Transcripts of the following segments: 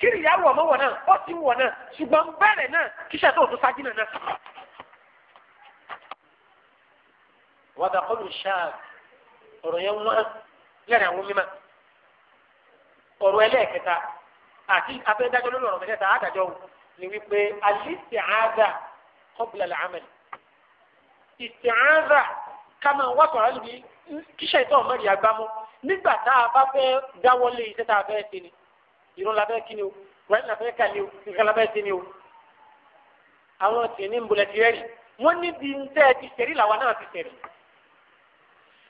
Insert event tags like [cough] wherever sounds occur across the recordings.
kí ìyá wọ̀ mọ́ wọ̀ náà ó ti wọ̀ náà ṣùgbọ́n bẹ́ẹ̀rẹ̀ náà kíṣẹ́ tó tún sájìnà náà. wàdà kọlu ṣáà ọ̀rọ̀ yẹn wọ́n lẹ́rìn àwọn mímọ́ ọ̀rọ̀ ẹlẹ́ẹ̀kẹta àti abẹ́dájọ́ lórí ọ̀rọ̀ mẹ́tẹ̀ẹ̀ta àdájọ́ ni wípé al-isti'adha qabla al-amal isti'adha kama wá sọ̀rọ̀ níbi kíṣẹ́ ìtọ́ ọmọ ìyá nígbà tá a bá fẹ́ dáwọ́lé iṣẹ́ tá a fẹ́ ṣe ni irun labẹ́ kí ni o wẹ́n labẹ́ ká ni o nǹkan labẹ́ ti ni o àwọn tì ní nbọlẹ̀ ti rẹ́rì wọ́n níbi ntẹ́ ti sẹ̀rí làwọn náà ti sẹ̀rí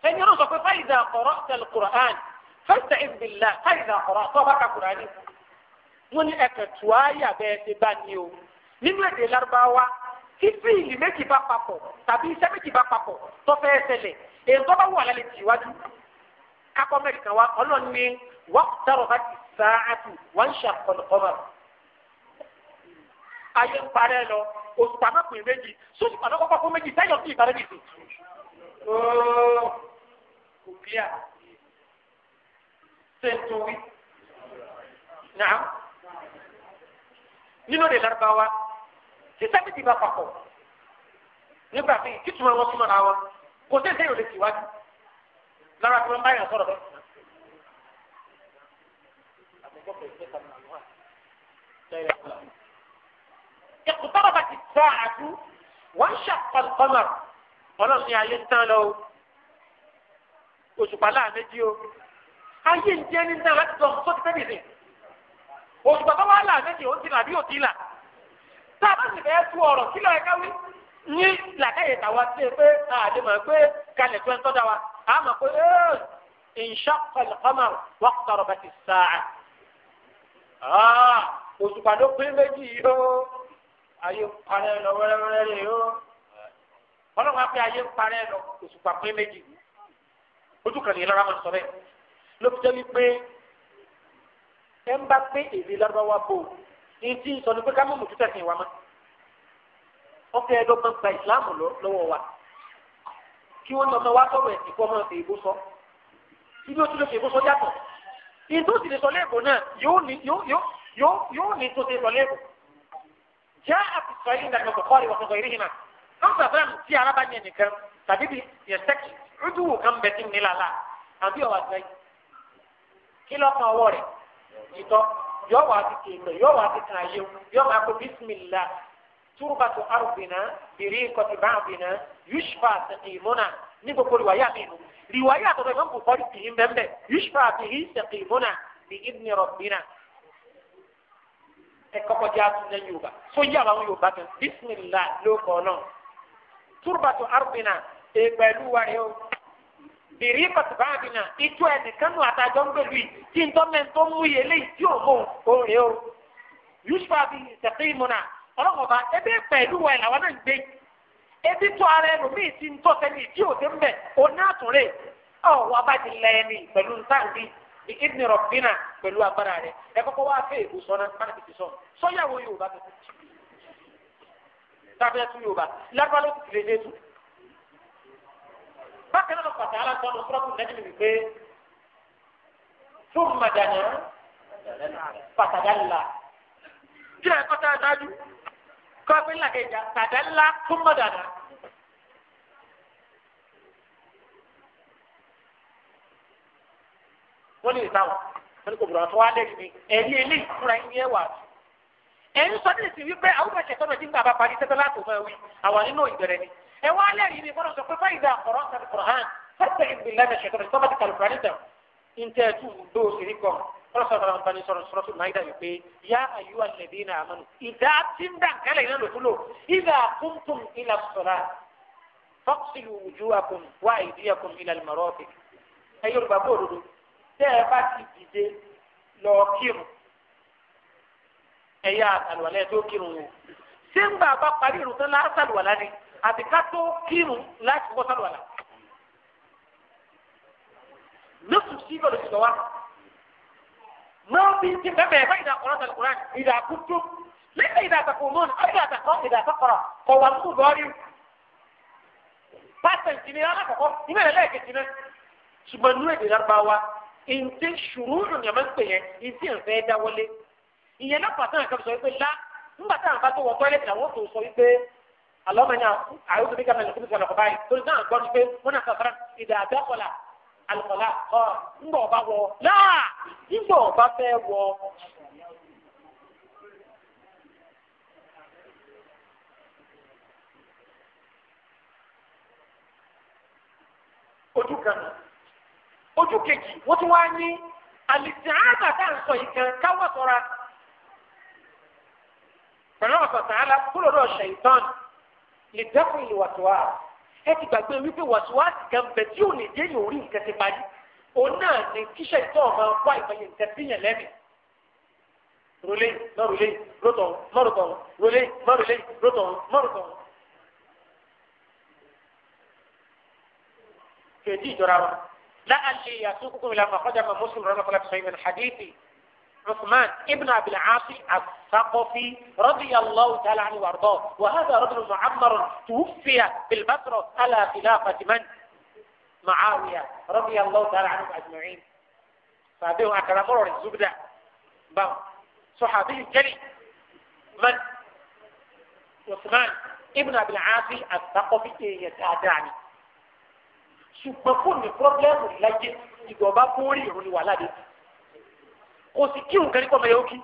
ẹni ọ̀rọ̀ sọ pé fáyidà kọ̀rọ̀ tẹ̀lé kùrán fẹ́sẹ̀ ìbílẹ̀ fáyidà kọ̀rọ̀ tó bá ka kùrán wọ́n ní ẹ̀kẹ́ tuwáyà bẹ́ẹ̀ ti bá ní o nínú èdè Lárúbáwá tí fíìlì méjì bá papọ̀ tàbí iṣẹ́ méjì bá papọ̀ tó fẹ́ èyí tó bá wù alẹ́ lè tì kápọ́ mẹ́rin kan wá ọlọ́run wọ́n tẹ̀rọ bá ti sáàtù wọ́n ṣàkọlù kọ́mà. ayé ń parẹ́ lọ oṣù pàmò pè méjì sóṣù pàmò kọ́kọ́ fún méjì táyọ̀ sí ìbára méjì. ooo kò clear ṣé n tó wí. naam nínú de Lárúbáwá sísá mi ti bá papọ̀ nígbà tí ìtumọ̀ wọn súnmọ́ ra wọn kò sí ìṣe ìròlẹ̀ tìwájú lára tí wọ́n bá yàn sọ̀rọ̀ bẹ́ẹ̀. يستطيع ثقة من أموال لا يقبل اقتربت الساعة وانشق القمر ọlọ́run ní ayé ń tán lọ o òṣùpá láàméjì o ayé ń jẹ́ ní náà láti lọ sókè tẹ́lẹ̀ sí òṣùpá tó wá láàméjì ó ti là bí ó ti là tá a bá sì fẹ́ tú ọ̀rọ̀ sílẹ̀ ẹ̀ká wí ní làkàyè tàwa sí pé àdé mọ̀ pé kalẹ̀ tó ń tọ́jà wa a mọ̀ pé inshaqqa al-qamar ah, eh, waqtarabat as-sa'a. Ah, òṣùpá ló pín méjì yìí ó ayé ń parẹ́ lọ wẹ́rẹ́wẹ́rẹ́ rẹ̀ ó ọlọ́run á pé ayé ń parẹ́ lọ òṣùpá pín méjì ojú kan nìyẹn lọ́ra máa sọ bẹ́ẹ̀ ló fi jẹ́ wípé ẹ ń bá pé èdè lárúbáwá bò ní tí ń sọ ni pé ká mú mùtú tẹ̀sìn wa mọ́ wọ́n fẹ́ ẹ̀dọ́gbọ́n gba ìsìláàmù lọ́wọ́ wa kí wọ́n lọ́mọ wá sọ̀rọ̀ ẹ̀sìn kọ́ mọ́ ẹ̀sìn ìbò sọ ibi ó lè fi ìbò yàtọ̀ ìtò sì lè sọ léèbù náà yóò ní tó ṣe sọ léèbù. jẹ́ àtìsọ yìí nígbà tó kọ́ ìwọ̀n tó ìrìn hìnà lọ́sọ̀ àbúrò tí ara bá yẹn nìkan tàbí bí yẹsẹ́kì rúdùwù kan bẹ tí ń nílà láà àbí ọ̀wà gbẹ́ kí lọ́kàn ọwọ́ rẹ̀ ìtọ́ yọ wà á ti kéèké yọ wà á ti kàn yẹ yọ máa kó bísímìlá túrúbàtò àrùbìnà bìrì kọtìbàbìnà yusuf àtẹnìmọ́nà ní gbogbo rìwáyà mi nù rìwáyà tọ̀tọ̀ ìmọ̀ bùkọ́rì tì í bẹ́ẹ̀ bẹ́ẹ̀ yusufa àti ìṣèkì múnà ní ìdíni rọ̀bìnà ẹ kọ́kọ́ jẹ́ àtúnlẹ̀ yorùbá sójú àwọn yorùbá kan bísímìlá ló kọ́ náà turbatu arbina ègbẹ̀lú e wa yóò bìrì pàtùbáàbìnà ìjọ ẹnìkan nù àtàjọ ń gbèlú yìí tí n tọ́mẹ̀ tó mú ebi tó ara ẹlòmíì ti ń tọ́sẹ̀ ní ìdí òde mbẹ̀ oní àtúnrẹ̀ ọ̀ wá bá ti lẹ ẹni pẹ̀lú ntáǹdì ní rọ̀bìnà pẹ̀lú agbára rẹ̀ ẹ kọ́kọ́ wá fẹ́ sọ́nà sọ sọ́yàwó Yorùbá tó ti tàbí ẹtú Yorùbá ló ti dé bákan náà ló sọ́kùn pé fún pàtàkì àlá kí kọ́pin la kejì tàdánlá túmọ̀ dàda. wọ́n lè sáwọn wọ́n ní kò bùrọ̀ àtọ́wá lẹ́yìn ni ẹ̀rí eléyìí fúnra yín yẹ wà. ẹ̀ ń sọ nílẹ̀ sí wípé àwọn ọmọ ìṣẹ̀tọ́ náà ti ń gbà bá parí tẹ́tẹ́ látò máa wí àwọn nínú ìbẹ̀rẹ̀ ni. ẹ wá lẹ́yìn ni fọ́nà sọ pé fáyìí dà kọ̀rọ̀ sàbí kọ̀rọ̀ hàn fẹ́ẹ́ ọlọ́sọ̀rọ̀ àwọn ọ̀tàn sọ̀rọ̀ sọ̀rọ̀ tó máa ń dàbí pé yá àyù àlẹ́bí náà mọ́nu ìdá tí ń dà kálẹ̀ náà lòkú lò ìdá kúntùm ìlà sọ̀rọ̀ fọ́ksìlù ojú akùn wá ìdí akùn ìlà lùmọ̀rọ́ọ̀fì ẹ yorùbá bó òdodo tẹ́ ẹ bá ti dìde lọ kírun ẹ yá àlùwalẹ̀ tó kírun o ṣé ń gbà bá parí irun ni àti ká tó kírun láti wọ́ sàlùwàlá. lóṣù sí ìbọ̀lù ما في تفهم فإذا قرأت القرآن إذا كنت ليس إذا تقومون أو إذا تقرأ إذا تقرأ فهو المضارع pásítọ̀ ìjìnlẹ̀ alákọ̀ọ́kọ́ iná ẹlẹ́ẹ̀kejì náà ṣùgbọ́n nínú èdè lárúbáwá ìǹtẹ̀ ṣùrù ìròyìn máa ń pè yẹn ìǹtẹ̀ ìfẹ́ dáwọlé ìyẹn náà pàtàkì kan sọ wípé lá nígbà tá à ń bá tó wọ tọ́lẹ̀tì àwọn tó sọ wípé àlọ́mọ náà àyọ̀tò bí káfíńsì kúndùkú ọ̀nà kọ̀ọ̀bá yìí alùpàlà kọ́ ńgbọ̀ ọba wọ láà ńgbọ̀ ọba fẹ́ wọ. ojú kan ojú kejì wọ́n tún wá ní alìsíhánà tá à ń sọ yìí kan káwọ́ sọ́ra pẹ̀lú ọ̀sán ẹ ti gbàgbé wípé wàsíwàsí kan bẹ tí ò ní dé ní orí nǹkan ti parí òun náà ní kíṣẹ́ tó ọmọ wá ìfọyẹ nǹkan sí yẹn lẹ́mìí rọlé mọrọlé rọtọ mọrọtọ rọlé mọrọlé rọtọ mọrọtọ. kejì ìjọra wa láàlì yàtúkú ìlànà àkọjá ma mùsùlùmí rẹ lọkọlá fi ìmọ̀ ní hadithi Uthman ibn Abil Aasi الثقفي رضي الله تعالى عنه وارضاه وهذا رجل معمر توفي في بالبصرة على خلافة من؟ معاوية رضي الله تعالى عنهم أجمعين فهذه فابيهم أكرموا الزبدة بام صحابي الجلي من؟ عثمان ابن أبي العاص الثقفي يتعداني ṣùgbọ́n fóònù pírọ́blẹ́mù láyé ìgbọ̀nba kórìí ìròyìn wà ládé kò sì kí òǹkẹ́ríkọ́ mẹ́yọ́ kí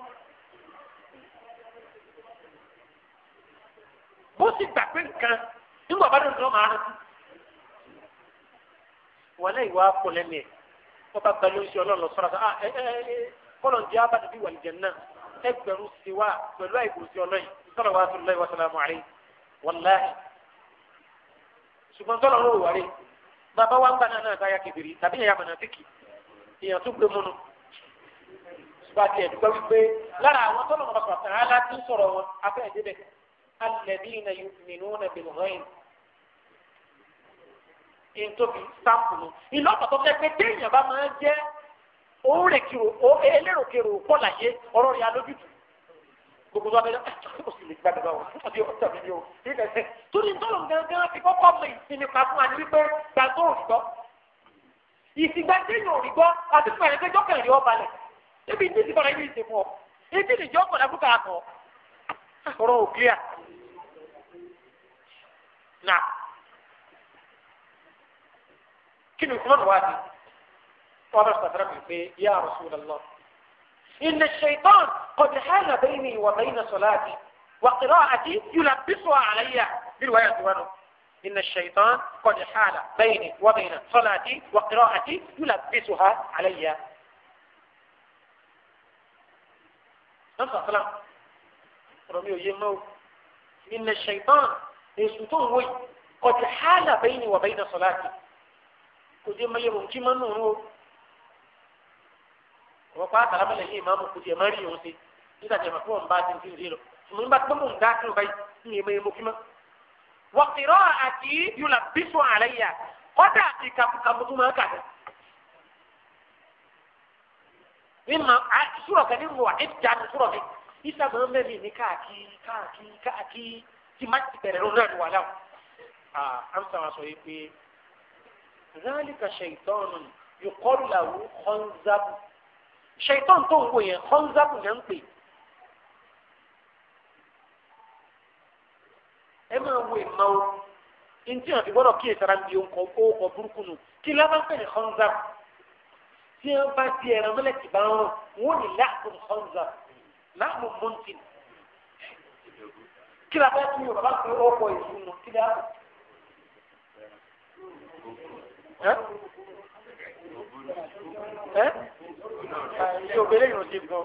bó sì gbà pé nǹkan nígbà bá dùn tó máa rántí. wọlé ìwà kọlẹ́mì ẹ̀ wọ́n bá balẹ̀ oṣù ọlọ́run lọ sọ́ra sọ́ra ah, ẹ ẹ ẹ kọ́lọ̀ ń jẹ́ abájú bí wàlìjẹ́ náà ẹgbẹ̀rún sí wa pẹ̀lú àìkúrúsí ọlọ́yìn sọ́ra wa sọ́ra lọ́yìn wa sàlámù àlẹ́ wàláhì. ṣùgbọ́n sọ́ra ló wà bàbá wa ń gbà náà káyà kébìrì tàbí alẹ́dínà yùmínúnà bìlù hẹ́yìn ìtòbi sáàpùlù ìlú ọ̀pọ̀tọ̀ fẹ́ pé téèyàn bá máa ń jẹ́ òun rè kiri o elérò kiri o kọ́ láyé ọ̀rọ̀ rẹ̀ alójútù gbogbo tó wà bẹ́ẹ̀ ah, ó sì lè gbàgbé báwo àbí ọ̀tọ̀ mi ni o torí ntọ́lọ̀ gángan fi kọ́kọ́ mọ ìsinmi pa fún wa ni wípé gbàgbọ́ òrìgbọ́ ìsìgbà téèyàn òrìgbọ́ àti fún ẹ̀rẹ́ péjọ́ kẹrin ọba lẹ̀ níbi ní ìsìnkọ́ra yìí ìsìnkú ọ نعم kí ni kúmọ̀ wá di wọn bá sọ̀rọ̀ mi pé yá Rasulullah inna shaytan qad hala bayni wa bayna salati wa qira'ati yulabbisuha alayya bí wàá yàtọ̀ wọn. إن الشيطان قد حال بيني وبين صلاتي وقراءتي يلبسها علي. نفس الكلام رمي يمو إن الشيطان èsù tó ń wòye kọ̀tì hàlà bẹ́yìn ni wà bẹ́yìn náà sọ̀láàtì kò dé mọ́ yẹ̀rù nkí máa ń nùrù o. wọ́n pa àtàlámà lẹ́yìn ìmáàmù kò dé ẹ̀ má rí ìhun sí nígbà tí a máa fún wọn bá ti ń ti rí lọ. mo ń bá pẹ́ mò ń dá kí n báyìí ní ìmọ̀ èmo kímọ́. wàkìrọ̀ àti yúlà bísọ̀ àlẹ́yà kọ́dà àti kàmùkàmùkù máa kà dé. mímọ sùrọ̀ kẹ́ni wà ní ìjà ní sùrọ̀ mi. ìsàgbọ́n mẹ́rin ní káàkiri káàkiri káàkiri tí má ti bẹ̀rẹ̀ lónìí àdúrà láwọn. amsa wa sọ yìí pé zálìkà ṣèyítọ́nù yòókọ́rù làwọn kọ́ńzábù ṣèyítọ́n tó ń wò yẹn kọ́ńzábù yẹn ń pè. ẹ máa wo ìmọ̀ o ntí àti gbọ́dọ̀ kí ìsara ń bi òǹkọ̀ òǹkọ̀ burúkú nù kí lábá ń pè ní kọ́ńzábù tí wọ́n bá di ẹran mẹ́lẹ̀kì bá ń rún wọ́n ní láàbùn kọ́ńzábù láàbùn mọ́ntìn kí la fẹ́ tún yóò bàbá pé ó kọ ìlú nù kí la. yóò bẹ̀rẹ̀ yóò ṣe gan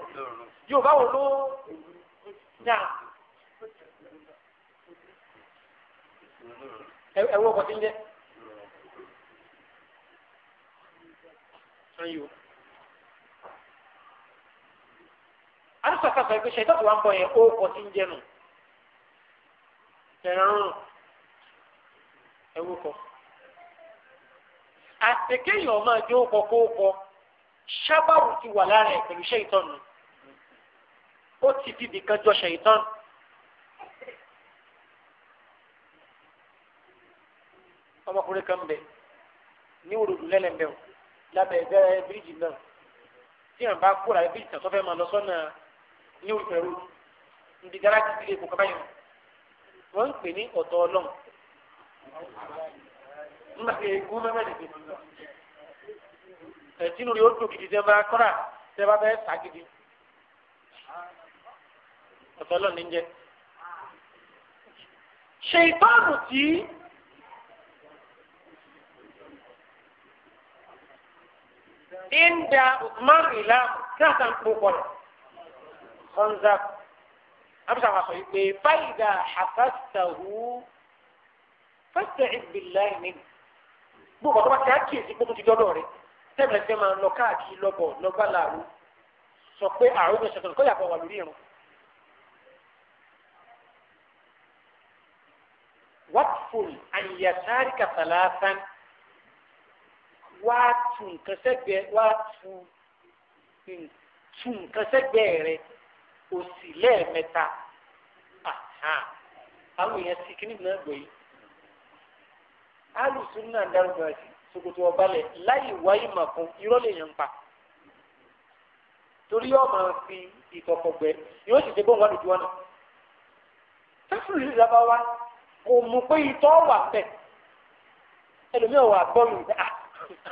yóò báwo ló yà. ẹ wọ ọkọ tí ń jẹ. alisa kasa ẹ pé ṣe tọ́tù wa ń bọ̀ yẹn ó kọ tí ń jẹ nù ẹ̀rọ̀rùn ẹ̀wọ́ kọ. àtẹ̀kẹ́yìn ọmọ ẹ̀jẹ̀ ó kọ kó kọ ṣábàwù ti wà lára ẹ̀ pẹ̀lú ṣẹ́yìntàn nù ó ti fi bìkan jọ ṣẹ́yìntàn. ọmọkùnrin kan bẹ ní òrùlù lẹ́lẹ̀ bẹ́ẹ̀ lábẹ́ ẹgbẹ́ bíríìjì náà tí yàrá bá kúrò àbí bíríìjì tàbí sọ́fẹ́ máa lọ sọ́nà ní òrùlù níbi gáràjì sílé ìkókò báyìí wọ́n ń pè ní ọ̀tọ̀ ọlọ́run nígbà tí egun mẹ́mẹ́ lè dé ẹ̀tínú rẹ̀ ó dùn gidi tẹ́ bá kọ́ra tẹ́ bá bẹ́ẹ̀ sá gidi ọ̀tọ̀ ọlọ́run ní jẹ́ ṣèyítọ́ọ̀nù tí ń da Usman ìlà kí àtàkùn pọ̀ kọ́ńtà. أبو سعد يقول فإذا حفظته فاستعذ بالله منه gbogbo ọba tí a kì í sí gbogbo ti dọ́dọ̀ rẹ tẹ́lẹ̀ tẹ́ máa lọ káàkiri lọ́bọ̀ lọ́gbà làrú sọ pé àrùn mi ṣẹ̀tọ̀ kọ́ yàgbọ́ wà lórí irun. waqful an yasarika thalathan wá tu nǹkan sẹ́gbẹ̀ẹ́ wá tu nǹkan sẹ́gbẹ̀ẹ́ rẹ̀. òsì lẹ́ẹ̀mẹ́ta àwọn èèyàn ti kí nìkan gbé yìí alùsùn náà dárúkọ sokoto ọbalẹ̀ láì wáyé mà fún irọ́ lè yàn pa torí yóò máa fi ìkọ̀kọ̀ yóò sì ti bọ́ wọn lójú ọ̀nà tẹ́fúrú yìí dábàá wá kò mú pé ìtọ́ wà bẹ́ẹ̀ ẹlòmíràn wà bọ́ọ̀lù ah,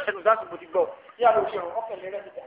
ẹ̀ẹ́dùn sáà tó mo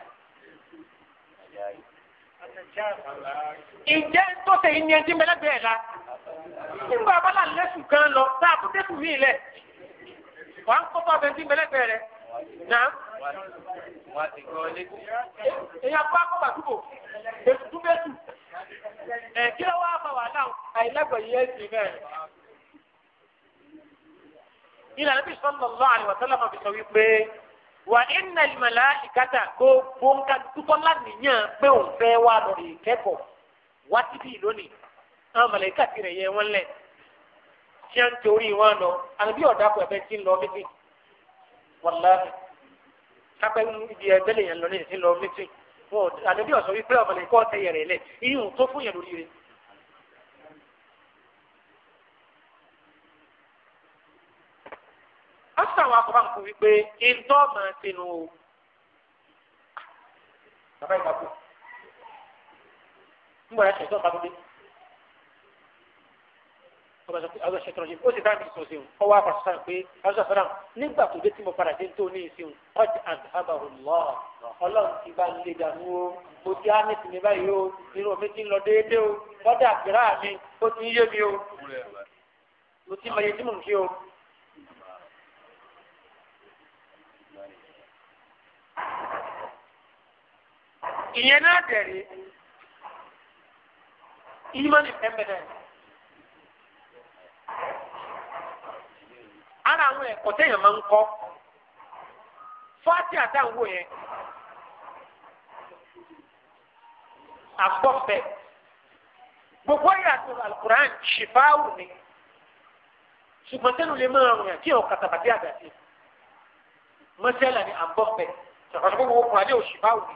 ǹjẹ́ tó ṣe ìní ẹtí mẹ́lẹ́gbẹ́ ẹ̀ la nígbà abala lẹ́sùn kan lọ tá a kó dẹ́kun mí lẹ̀ wà á kọ́kọ́ bẹ ẹtí mẹ́lẹ́gbẹ́ rẹ̀ náà. èèyàn kó akọ́ bàtúbò ètò tún bẹ́ẹ̀ tù ẹ̀ kí ló wá fà wà náà àìlẹ́gbẹ̀ẹ́ yẹn ti bẹ́ẹ̀. ìlànà bí sọ́nà lọ́wọ́ àlè wà máa fi sọ wípé wà iná ìmọ̀lá ìkàtà gbogbo nǹkan dúpọ́ lánìyàn pé òun fẹ́ wá lórí ìkẹ́kọ̀ọ́ wá síbí lónìí àwọn mọ̀lẹ́kà ti rẹ̀ yẹ wọ́n lẹ̀ tí a ń torí wọn lọ àbí ọ̀dà kọ̀ ẹ̀fẹ́ ti ń lọ mítì wàláhì kápẹ́ ibi ẹgbẹ́ lè yẹn lọ lẹ́yìn ti ń lọ mítì àbí ọ̀sọ̀ wípé ọ̀mọ̀lẹ́kà ọ̀tẹ̀ yẹrẹ lẹ̀ iyùn tó fún yẹn lórí rẹ̀ dókítà wa kọ́ bá ń kú wípé ìtọ́ máa ti nu o. bàbá ìgbà kú ń bọ̀ ẹ̀ṣẹ̀ tó ń bá dúdú. ọba ṣe tọrọ jẹ ó sì dáhùn sọ sí un ọwọ́ àpàṣẹ sáà pé aṣọ àfẹ́ràn nígbà tó dé tí mo padà dé tó ní ìsìn ọjà àdàbàrò lọ ọlọ́run ti bá lè dànù o mo ti á ní sinmi báyìí o irun mi ti ń lọ déédéé o bọ́dà àgbèrè mi ó ti ń yé mi o mo ti mọ iye tí mò ń kí o. ìyẹn náà dẹ̀rẹ̀ ìmọ̀nì pẹ́pẹ́dẹ́. ara àwọn ẹ̀kọ́ téèyàn máa ń kọ́ fáti àtàwọn yẹn àgbọ̀fẹ́ gbogbo ìyàtọ̀ alukuran ṣìfáwù ni ṣùgbọ́n tẹ́lu lè máa rìn àti ọ̀kà tàbátí àgbàdì mọ́sálà ni àgbọ̀fẹ́ ṣàkóso gbogbo kùràdé òṣìfáwù ni.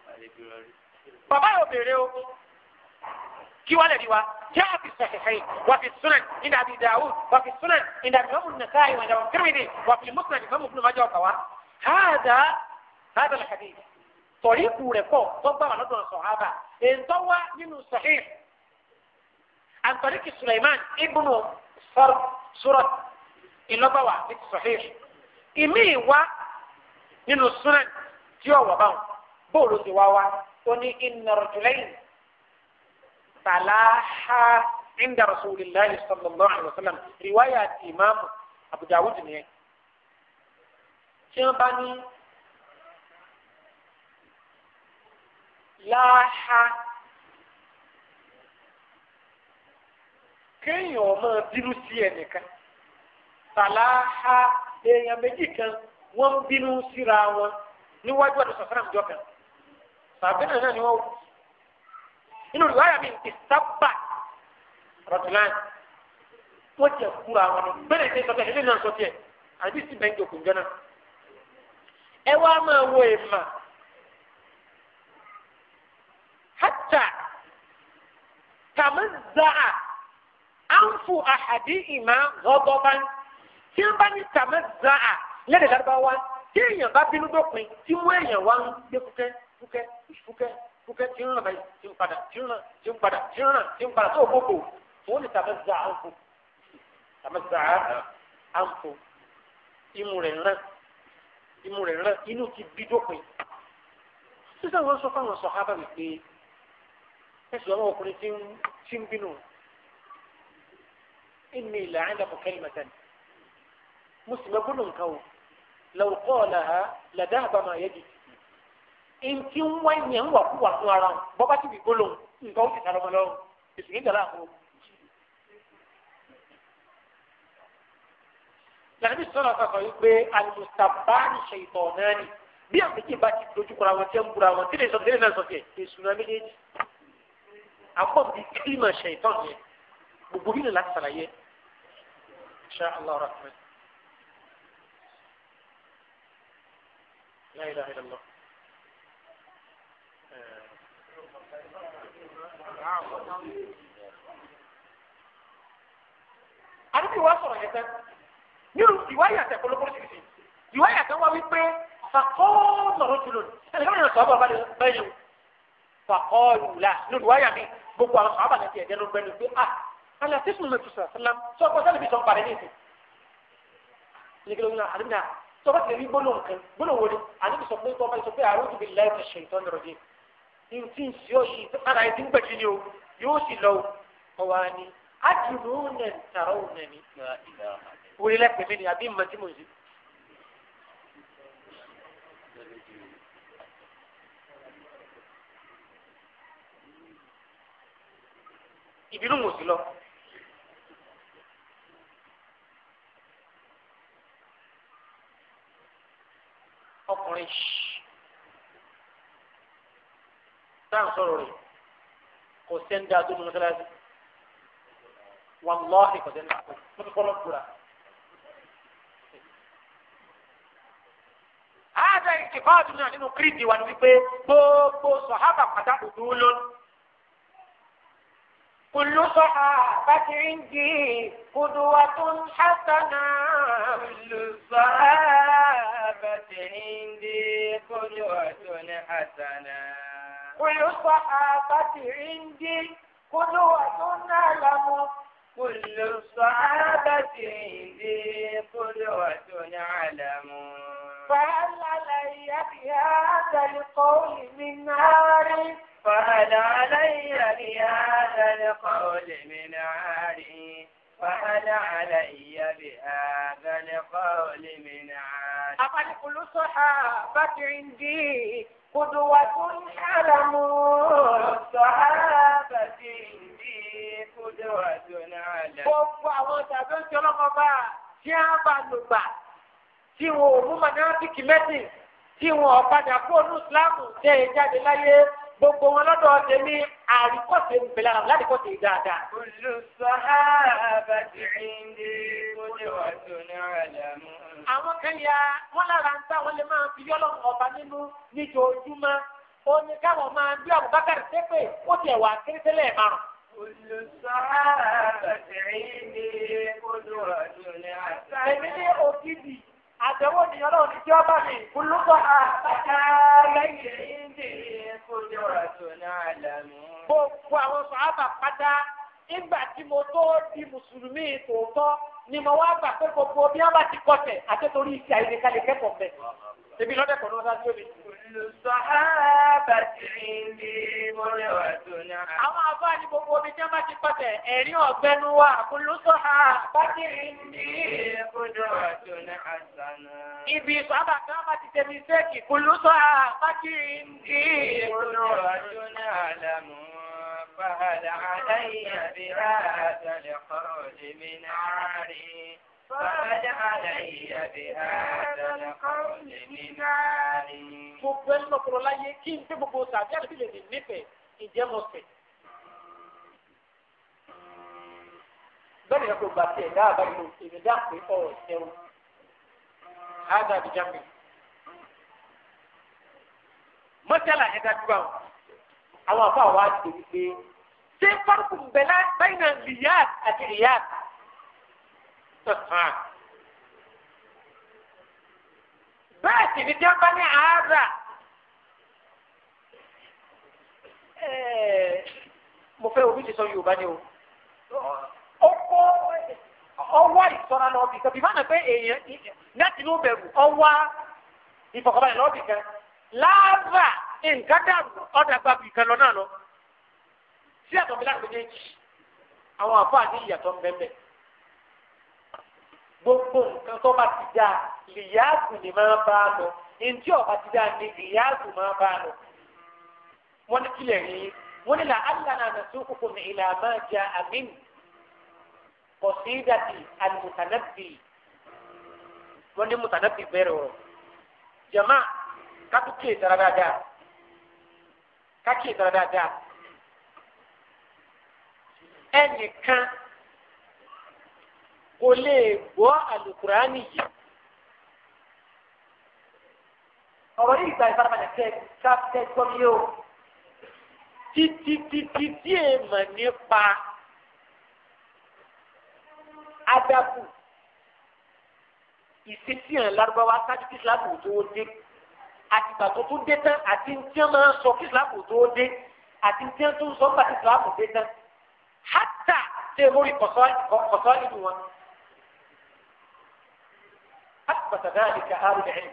bàbá yóò béèrè o kí wàá lẹ́bi wa jẹ́ àfi sọ̀kẹ̀kẹ́ wàfi sunan inda abi dawud wàfi sunan inda abimamu nasaayi wàjà wàfi tirmidhi wàfi musnad ìfẹ́ mọ̀kúnnù májọ kàwá hàdà hàdà làkàdé tọ̀rí kù rẹ̀ pọ̀ tó gbà wà lọ́dọ̀ sọ̀hábà èntọ́ wa nínú sahih àǹtọ̀ríkì suleiman ibnu surat ìlọ́gbà wà ní sahih ìmí wa nínú sunan tí ó báwọn bóòlù ti wá wá ó ní inna rajulayn salaha inda rasulillahi sallallahu alaihi wa sallam riwaya ti imaamu Abu Dawud nìyẹn tí wọ́n bá ní láha kéèyàn ọmọ bínú sí ẹnìkan salaha èèyàn méjì kan wọ́n bínú síra wọn níwájú ọdún sọsọ náà jọ kan tàbí náà náà ni wọ́n inú ìwà yà mí ti sábà rọ̀tùláì wọ́n tiẹ̀ kúra wọn ni bẹ́ẹ̀ ní sọ́tẹ̀ ilé náà sọ́tẹ̀ àbí sí bẹ́ńkì òkú jọ́nà ẹ wá máa wo èèmà hátà tàmẹ́zàá ànfù àhàdí ìmá rọ́bọ́bá tí wọ́n bá ní tàmẹ́zàá lẹ́dẹ̀ẹ́dàbá wa tí èèyàn bá bínú dópin tí wọ́n èèyàn wá ń gbé kúkẹ́ fúkẹ́ fúkẹ́ fúkẹ́ tí ń ràn báyìí tí ń padà tí ń ràn tí ń padà tí ń ràn tí ń padà tó gbogbo tó lè tàbí za àǹfò tàbí za àǹfò imú rẹ̀ rán imú rẹ̀ rán inú ti bí dópin sísan wọn sọ fáwọn sàhábà wípé ẹsùn àwọn ọkùnrin tí ń tí ń bínú ìní ìlà àìdàpọ̀ kẹ́lìmẹ̀tẹ̀ ni mo sì mọ nǹkan o làwùkọ́ ọ̀là ha làdáàbà máa yẹ jù ntí wọ́n yẹn ń wà kú wà fún ara wọn bọ́bá ti fi gbólóhùn nǹkan ó ti sàrọ̀ mọ́ lọ́wọ́ èsì nígbà láàbò. lẹ́nu sọ̀rọ̀ sọ̀rọ̀ yìí pé alimusabani ṣèyítọ̀ náà ni bí àpèjì bá ti dojú kọ́ra wọn tẹ́ ń bura wọn tílé sọ̀tún tílé náà sọ̀tún yẹn èsù náà méjèèjì. àpọ̀ bíi kílímà ṣèyítọ̀ yẹn gbogbo bí nìlá ti sàlàyé insha allah rahman. la ilaha illallah. àdúgbò wa sọ̀rọ̀ yẹn tán nínú ìwáyà tẹ̀ kólókóló ṣìṣì ìwáyà tẹ̀ wá wípé fàkọ́ọ̀lù rọ́jùlọ ẹ̀ka mìíràn sọ̀rọ̀ bá bẹ́yìn fàkọ́ọ̀lù là nínú ìwáyà mi gbogbo àwọn sọ̀rọ̀ àbàlẹ̀ tiẹ̀ dẹnu gbẹnu pé ah alẹ́ àtẹ́sùn mi tùsà sálám sọ̀kọ́ sálẹ̀ mi sọ̀rọ̀ pàdé ní ìsìn tọ́ba tẹ̀lé gbólóhùn kan gbólóhùn wọlé àdébìsọ̀ pé tọ́ba ìsọ̀ pé a'udhu billahi minash shaitanir rajim ntí nsí ọ yìí ara ẹni tí ń gbẹ̀jì ni o yóò sì lọ ọ wá ní adùnú nà ntàrà ò nà ní wọlé lẹ́pẹ̀ mi ni àbí mọ̀ tí mo sì. ìbínú mo sì lọ. ọkùnrin ṣì sáà ń sọ̀rọ̀ rẹ̀ kò sẹ́ni dáa tó ní mọ́sálásí wàlláhi kò sẹ́ni dáa tó ní kọ́lọ́ kura. ada ìtìfáàdù náà nínú kírìtì wa ni gbogbo sọ̀hábà pàtà òdò lónìí. كل صحابة عندي قدوة حسنة كل صحابة عندي قدوة حسنة كل صحابة عندي قدوة أعلم كل الصحابة عندي قدوة أعلم فهل علي بهذا القول من نار فهل علي بهذا القول من نار فهل علي بهذا القول من نار أقل كل صحابة عندي قدوة علم الصحابة دي قدوة علم gbogbo àwọn tàbí oúnjẹ ọlọ́mọba tí a bá lò gbà tí wọn ò mú mọ̀nàmọ́tìkì mẹ́tì tí wọn ò kó onú ìsìláàmù tẹ̀ ẹ́ jáde láyé gbogbo wọn lọ́dọ̀ tèmi àríkọ̀tẹ̀ ìbẹ̀lẹ̀ àwọn ládìkọ̀tẹ̀ dáadáa. olùsọ̀hà àbàtì ìdí kúndé wà tó ní ọ̀làmú. àwọn kan ya wọn lára ń ta wọn lè máa fi yọlọ ọba nínú níjojúmọ́ ó ní káwọn máa bí Abubakar sépè ó tiẹ̀ wà kérésìlẹ̀ márùn. olùsọ̀hà àbàtì ìdí kúndé wà tó ní ọ̀làmú. èmi ní òkìdí àtẹ̀wò ni ọlọ́run ní tí wọ́n bá mi kúlúkọ́ àbájá lẹ́yìn ìdí ìkójọ ọ̀tún àlàmú. gbogbo àwọn sọ̀hábà pátá nígbà tí mo tó di mùsùlùmí tòótọ́ ni mo wá gbà pé gbogbo bí wọ́n bá ti kọsẹ̀ àtẹ́torí ìṣe àyè nìkan kẹ́kọ̀ọ́ bẹ̀. èmi lọ́dẹ̀ kọ̀ ní wọ́n sá sí òbí. Àwọn àbá ní gbogbo omi jẹ́ máa ti pàtẹ ẹ̀rí ọ̀gbẹ́nu wa kúlú sọ́ha bájì ní ìbùdó àjọyọ̀ àṣànà. Ibi ìsọ́bà kan máa ti ṣe mistake kúlú sọ́ha bájì ní ìbùdó àjọyọ̀ àlàmú. فهل علي بهذا الخروج من عاري فقد علي بهذا القول مناري gbogbo ẹni lọkùnrin láyé kí n pé gbogbo tàbí àti lè ní nífẹ̀ẹ́ ìjẹ́ mọ̀ fẹ́. bẹ́ẹ̀ni ẹ̀kọ́ gba tiẹ̀ dá àbájọ èmi dá pé ọ̀rọ̀ ìṣẹ́wó ádá àbíjá mi. mọ́tàlá ẹ̀dá gbà wọn àwọn àbá wa [laughs] bẹ́ẹ̀ sì ni jẹ́ bá ní àárà mo fẹ́ omi ti sọ Yorùbá ni o ọkọ ọwọ́ ìsọra lọ́ọ̀bì kan bí mánà pé èèyàn láti inú bẹ̀rù ọwọ́ ìfọ̀kànbalẹ̀ lọ́ọ̀bì kan láàbà nǹkan dàrú ọ̀dà gbàgbì kan lọ náà lọ sí àtọ̀mílà méjèèjì àwọn àfọ àti ìyàtọ̀ ń bẹ́ẹ̀ bẹ́ẹ̀ gbogbo nǹkan tó bá ti dáa lìyáàgùn ni máa bá a lọ ntí ọba ti dáa ni lìyáàgùn máa bá a lọ. wọ́n ní kílẹ̀ rí i wọ́n ní làálàá náà nà sókò kò ní ìlà máa jẹ àmín kọ̀sídàtì àlùmùtànàbì wọ́n ní mùtànàbì bẹ̀rẹ̀ ọ̀rọ̀ jama kápẹ́kì ìtara dáadáa kápẹ́kì ìtara dáadáa ẹnìkan kò lè gbọ́ àlùkùránì yìí. ọ̀rọ̀ yìí gba ìfarabalẹ̀ kẹ́ ká tẹ́ gbọ́ mi o títí títí tí èèmọ̀ nípa adaku ìsísí hàn lárúbáwá sáájú kí islam ò tó dé àtìgbà tó dé tán àti ní tí wọn máa ń sọ kí islam ò tó dé àti ní tí wọn tún sọ nípa kí islam ò dé tán hátà tẹ lórí kọsọ wọn أثبت ذلك أهل العلم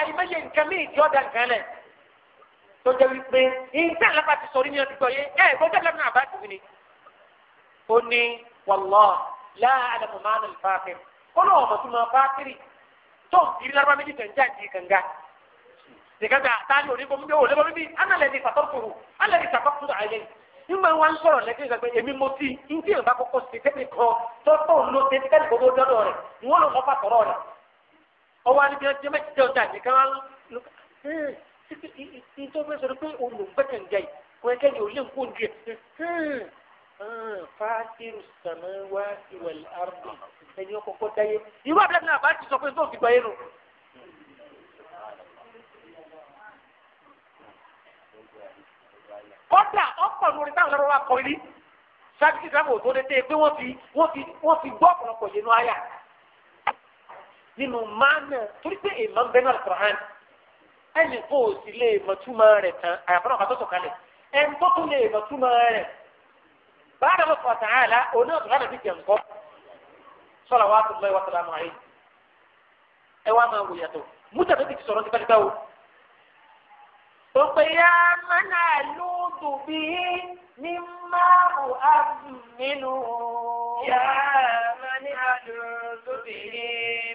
àìmọye nǹkan mi ìjọ da nǹkan lẹ tó jẹ wípé nǹkan alábà ti sọrí ní ọdún gbọ yé ẹ gbọ́dọ̀ lẹnu àbá tìbí ni ó ní wàllọ láàdàmú mánu ìfàkẹ ó lọ ọmọ tó máa bá kiri tó ń kiri lárúbá méjì tó ń já di gànga nìkan gà tá a ní onígbòmí bí ó lébọ bíbí ánà lẹni fàtọ́ tòrò ánà lẹni fàtọ́ tòrò àyè yìí nígbà wọn sọ̀rọ̀ lẹkẹ gbàgbé èmi mo ti ntí yorùbá kọkọ sí tẹbi kan tọtọ ló tẹ tẹbi kọkọ dọdọ rẹ wọn lọ wọn bá tọrọ rẹ ọwọ́ alibi ẹni jẹmẹ ti jẹ ọjà ní kan ee ntọ́ fẹ́ sọ̀rọ̀ pé olùgbẹ́tẹ̀ ń jẹ yìí wọn kẹ́ ni olè ń kó ń jẹ fásiru sàmáwá ìwẹ̀lẹ̀ àrùn ẹni ọkọ̀ kọ́ dáyé ìwà abẹ́rẹ́ náà bá ti sọ pé tó fi gbà yé nù. kọ́dà ọ̀pọ̀ lórí táwọn lọ́rọ́ wa kọ́ ilé sábìkì sábà òtó lé tẹ́ pé wọ́n fi wọ́n fi wọ́n fi gbọ́ ọ̀pọ̀lọpọ̀ yẹnu àyà nínú mánà torí pé èèmọ̀ ń bẹ náà Al-Qur'an ẹnì kó o sì lè mọ̀túmọ̀ rẹ̀ tán àyàfọ́nà kan tó tọ̀ kalẹ̀ ẹnì tó tún lè mọ̀túmọ̀ rẹ̀ báyìí lọ́wọ́ kọ̀ọ̀tà àlà oní ọ̀tún láti fi jẹ̀ ńkọ́ sọ̀rọ̀ wa tó lọ́ọ́ wa tó lọ́ọ́ mọ̀ ayé ẹ wá máa wòyàtọ̀ mútà tó ti sọ̀rọ̀ Òpèyà mánà lóòtù bí ní márùn ábù nínú. Yà mánà lóòtù bí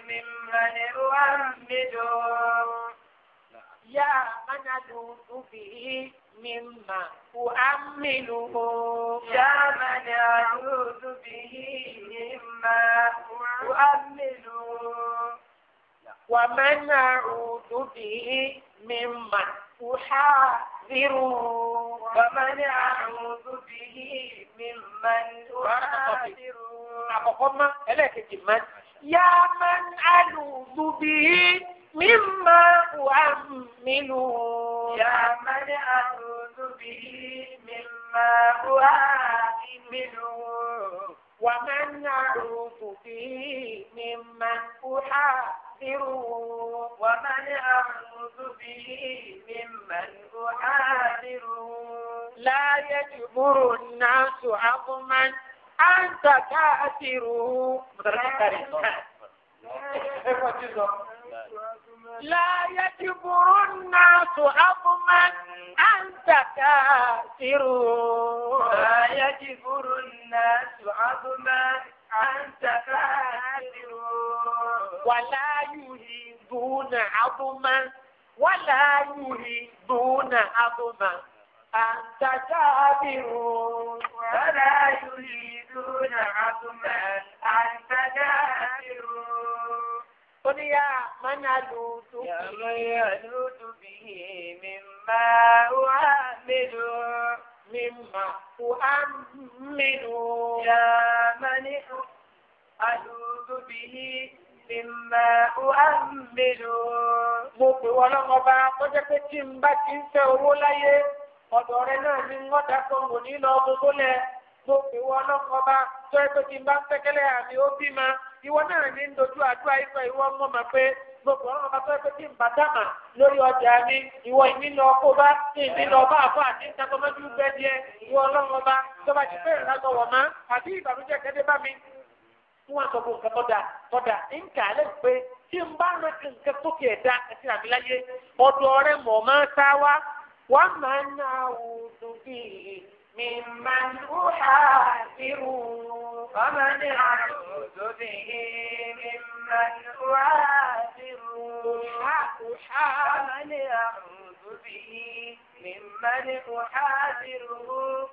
ní márùn ábù nínú. Yà mánà lóòtù bí mímà kò ámìlú. Yà mánà lóòtù bí mímà kò ámìlú. Wà mánà lóòtù bí mímà. أحاذروا ومن أعوذ به ممن أحاذروا نعم، يا من ألوذ به مما أعمل يا من أعوذ به مما أعمل ومن أعوذ به ممن أحاذر أؤثره ومن أعوذ به ممن أحاذره لا يجبر الناس عظما أن تكاثروا لا يجبر الناس عظما أن تكاثروا لا يجبر الناس عظما أن تكاثروا wàlá yùrì dùnà àbùmá wàlá yùrì dùnà àbùmá. أتكابرون فلا يريدون عظما أن تكابرون قل يا من ألوت يا من يلوت به مما أؤمل مما أؤمل يا من ألوت به mímọ́ ọ̀hánmẹ́lò. mo pè wọ́n lọ́wọ́ bá tọ́jọ́ pé tí n bá ti ń fẹ́ owó láyé ọ̀dọ̀ rẹ náà ni wọ́n dákọ̀ wò ní lọ gbogbo lẹ̀. mo pè bá tọ́jọ́ pé n bá fẹ́kẹ́lẹ́ àmì ìwọ náà ní dojú àdúrà ìfẹ́ ìwọ pé bá lórí ọjà kọ́dà ń kà á lẹ́nu pé tí n bá retí nǹkan sókè ẹ̀dá àti àbíláyé ọ̀dọ̀ ọ̀rẹ́ mọ̀ máa ń sá wá wọ́n máa ń ná àwùjọ bíi mi máa ń wú àbírù ọmọ ní àwùjọ bíi mi máa ń wú àbírù ọmọ ní àwùjọ bíi mi máa ń wú àbírù.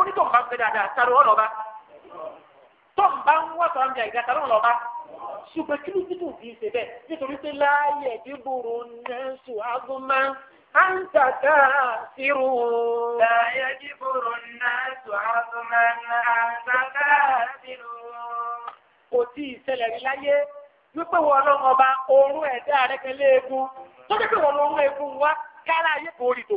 onítọ̀ nǹkan fẹ́ dáadáa sáré wọn lọ́ba tọ́ ń bá ń wá sọ̀rọ̀ níbi àyíká sáré wọn lọ́ba ṣùgbọ́n kí ló dídùn fi ṣe bẹ́ẹ̀ nítorí pé láàyè dígbòrò náà sùn ágúnmá á ń tàkà sírù. láàyè dígbòrò náà sùn ágúnmá á ń tàkà sírù. kò tí ì ṣẹlẹ̀ rí láyé wípé wọn lọ́mọ oorun ẹ̀dá tó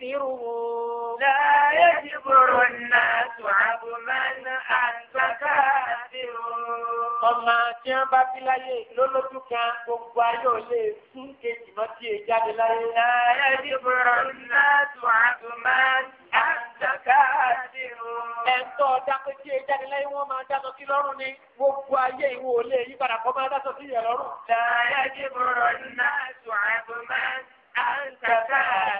كافره لا يجبر الناس عظما أنت كافر ọmọ tí wọn bá bí láyé lólójú kan gbogbo ayé ò fún kejì mọ tí èyí jáde láyé. láyé ní bọ̀rọ̀ náà tún àtúmọ̀ àtàkà àdìrò. ẹ̀ńtọ́ dákẹ́ tí èyí jáde láyé wọ́n máa dáṣọ sí lọ́rùn ni gbogbo ayé ìwọ ò lè padà kọ́ máa dáṣọ sí ìyẹn lọ́rùn. láyé ní bọ̀rọ̀ náà tún àtúmọ̀ àtàkà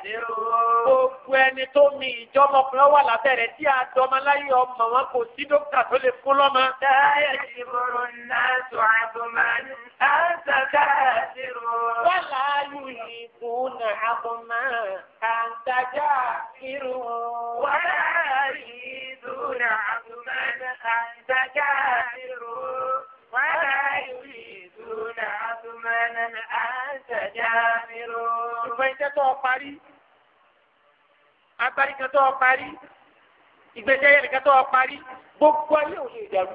Gbogbo ẹni tó mi ìjọba ọkùnrin wà lábẹ́rẹ̀ tí a dọ́mọ láyé ọmọ wọn kò sí dókítà tó lè fún lọ́mọ. Táyà ti bọ̀rọ̀ náà sọ àbọ̀mọ́ni, à ń sàkà àdìrò. Wàlá ayú ìbò nà àbọ̀mọ́, à ń tajà irú. Wàlá ìbò nà àbọ̀mọ́, à ń tajà irú. Wàlá ayú ìbò. يؤتون عثمانا أتجامرون ṣùgbọ́n kan tó parí ìgbésẹ̀ yẹn kan tó parí gbogbo ayé ò lè dàrú.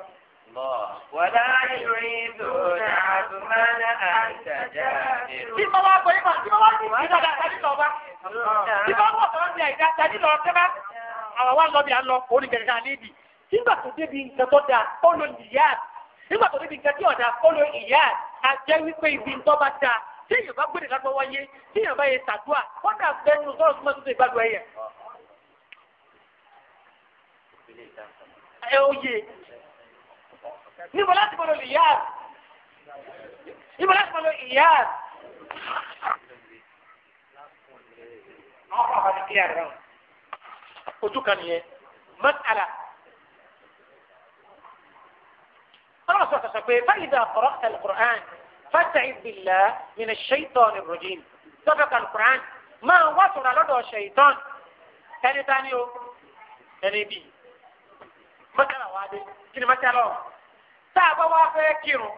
Wàlá ìrìn dòdà àtùmánà àìsàjà. Bí mo wá bọ̀ yípa, bí mo wá ní ìdájọ́ àtàdé lọ Bí mo wọ̀ tọ́ ní àìdá àtàdé lọ Àwọn wa lọ bí a lọ, òun ni gẹ̀gẹ̀ kan níbi. Nígbà tó débi nǹkan tó dáa, ó lo nìyá àti nígbà tó níbi nǹkan tí ọ̀dà kọ́lọ́ ìyá àjẹ́ wípé ibi ń tọ́ba ta tí èèyàn bá gbé nìkan lọ́wọ́ yé tí èèyàn bá yẹ tàdúà wọ́n dà bẹ́nu sọ̀rọ̀ tó máa tó tó ìgbàgbọ́ ẹ̀yẹ. ẹ ó yé níbo láti mọ̀ lọ ìyá níbo láti mọ̀ lọ ìyá. ojú kan nìyẹn mọ́tàlá. ọlọ́run sọ sọ pé fáyidà ọ̀rọ̀ alukur'an fasta'id billah mina shaitan rojin tọ́fẹ́ alukur'an máa wá sọ̀rọ̀ lọ́dọ̀ shaitan ẹni tani o ẹni bíi mọ́tàlá wa dé kí ni mọ́tàlá ọ̀ tá a bá wá fẹ́ kírun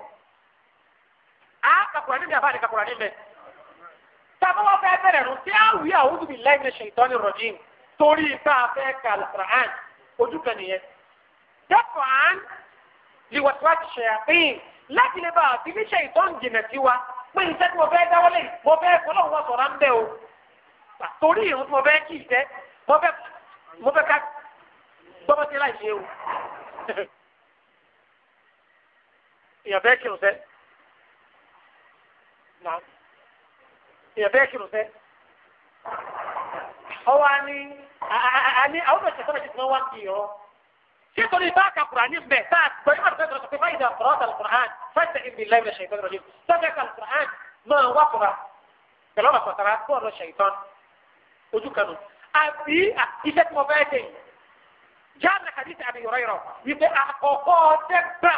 á kakura níbi àbá ni kakura níbẹ̀ tá a bá wá fẹ́ bẹ̀rẹ̀ rún tí a wí a'udhu billahi mina shaitan rojin torí tá a fẹ́ kà ojú kan liwatuwa ti ṣe àfihàn láti lè bá àfi níṣẹ́ ìtọ́n jìnà sí wa pé iṣẹ́ tí mo fẹ́ dáwọ́lé mo fẹ́ fọlọ́ wọn sọ̀rọ̀ ń bẹ́ o torí ìrún tí mo fẹ́ kí iṣẹ́ mo fẹ́ ká gbọ́dọ̀ sí láì ṣe o èèyàn fẹ́ kírun sẹ́ èèyàn fẹ́ kírun sẹ́ ọwọ́ a ní àwọn ọ̀sẹ̀ tó bá ti fún wa ń kí ìrọ̀ sítorí bá ka kurani bẹ̀ tá a gbọ́ yóò fẹ́ sọ̀rọ̀ fífa ìdá kọ́rọ́ ta kuran fẹ́sẹ̀ ibi lẹ́yìn lẹ́sẹ̀ ìtọ́jú rẹ̀ sọ́jà ka kuran máa wá kura pẹ̀lú ọ̀rọ̀ sọ̀tara tó ọ̀rọ̀ ṣẹ̀tọ́n ojú kanu àbí iṣẹ́ tí mo fẹ́ dé jáde hadith àbí yọ̀rọ̀ yọ̀rọ̀ wípé àkọ́kọ́ dẹ́gbà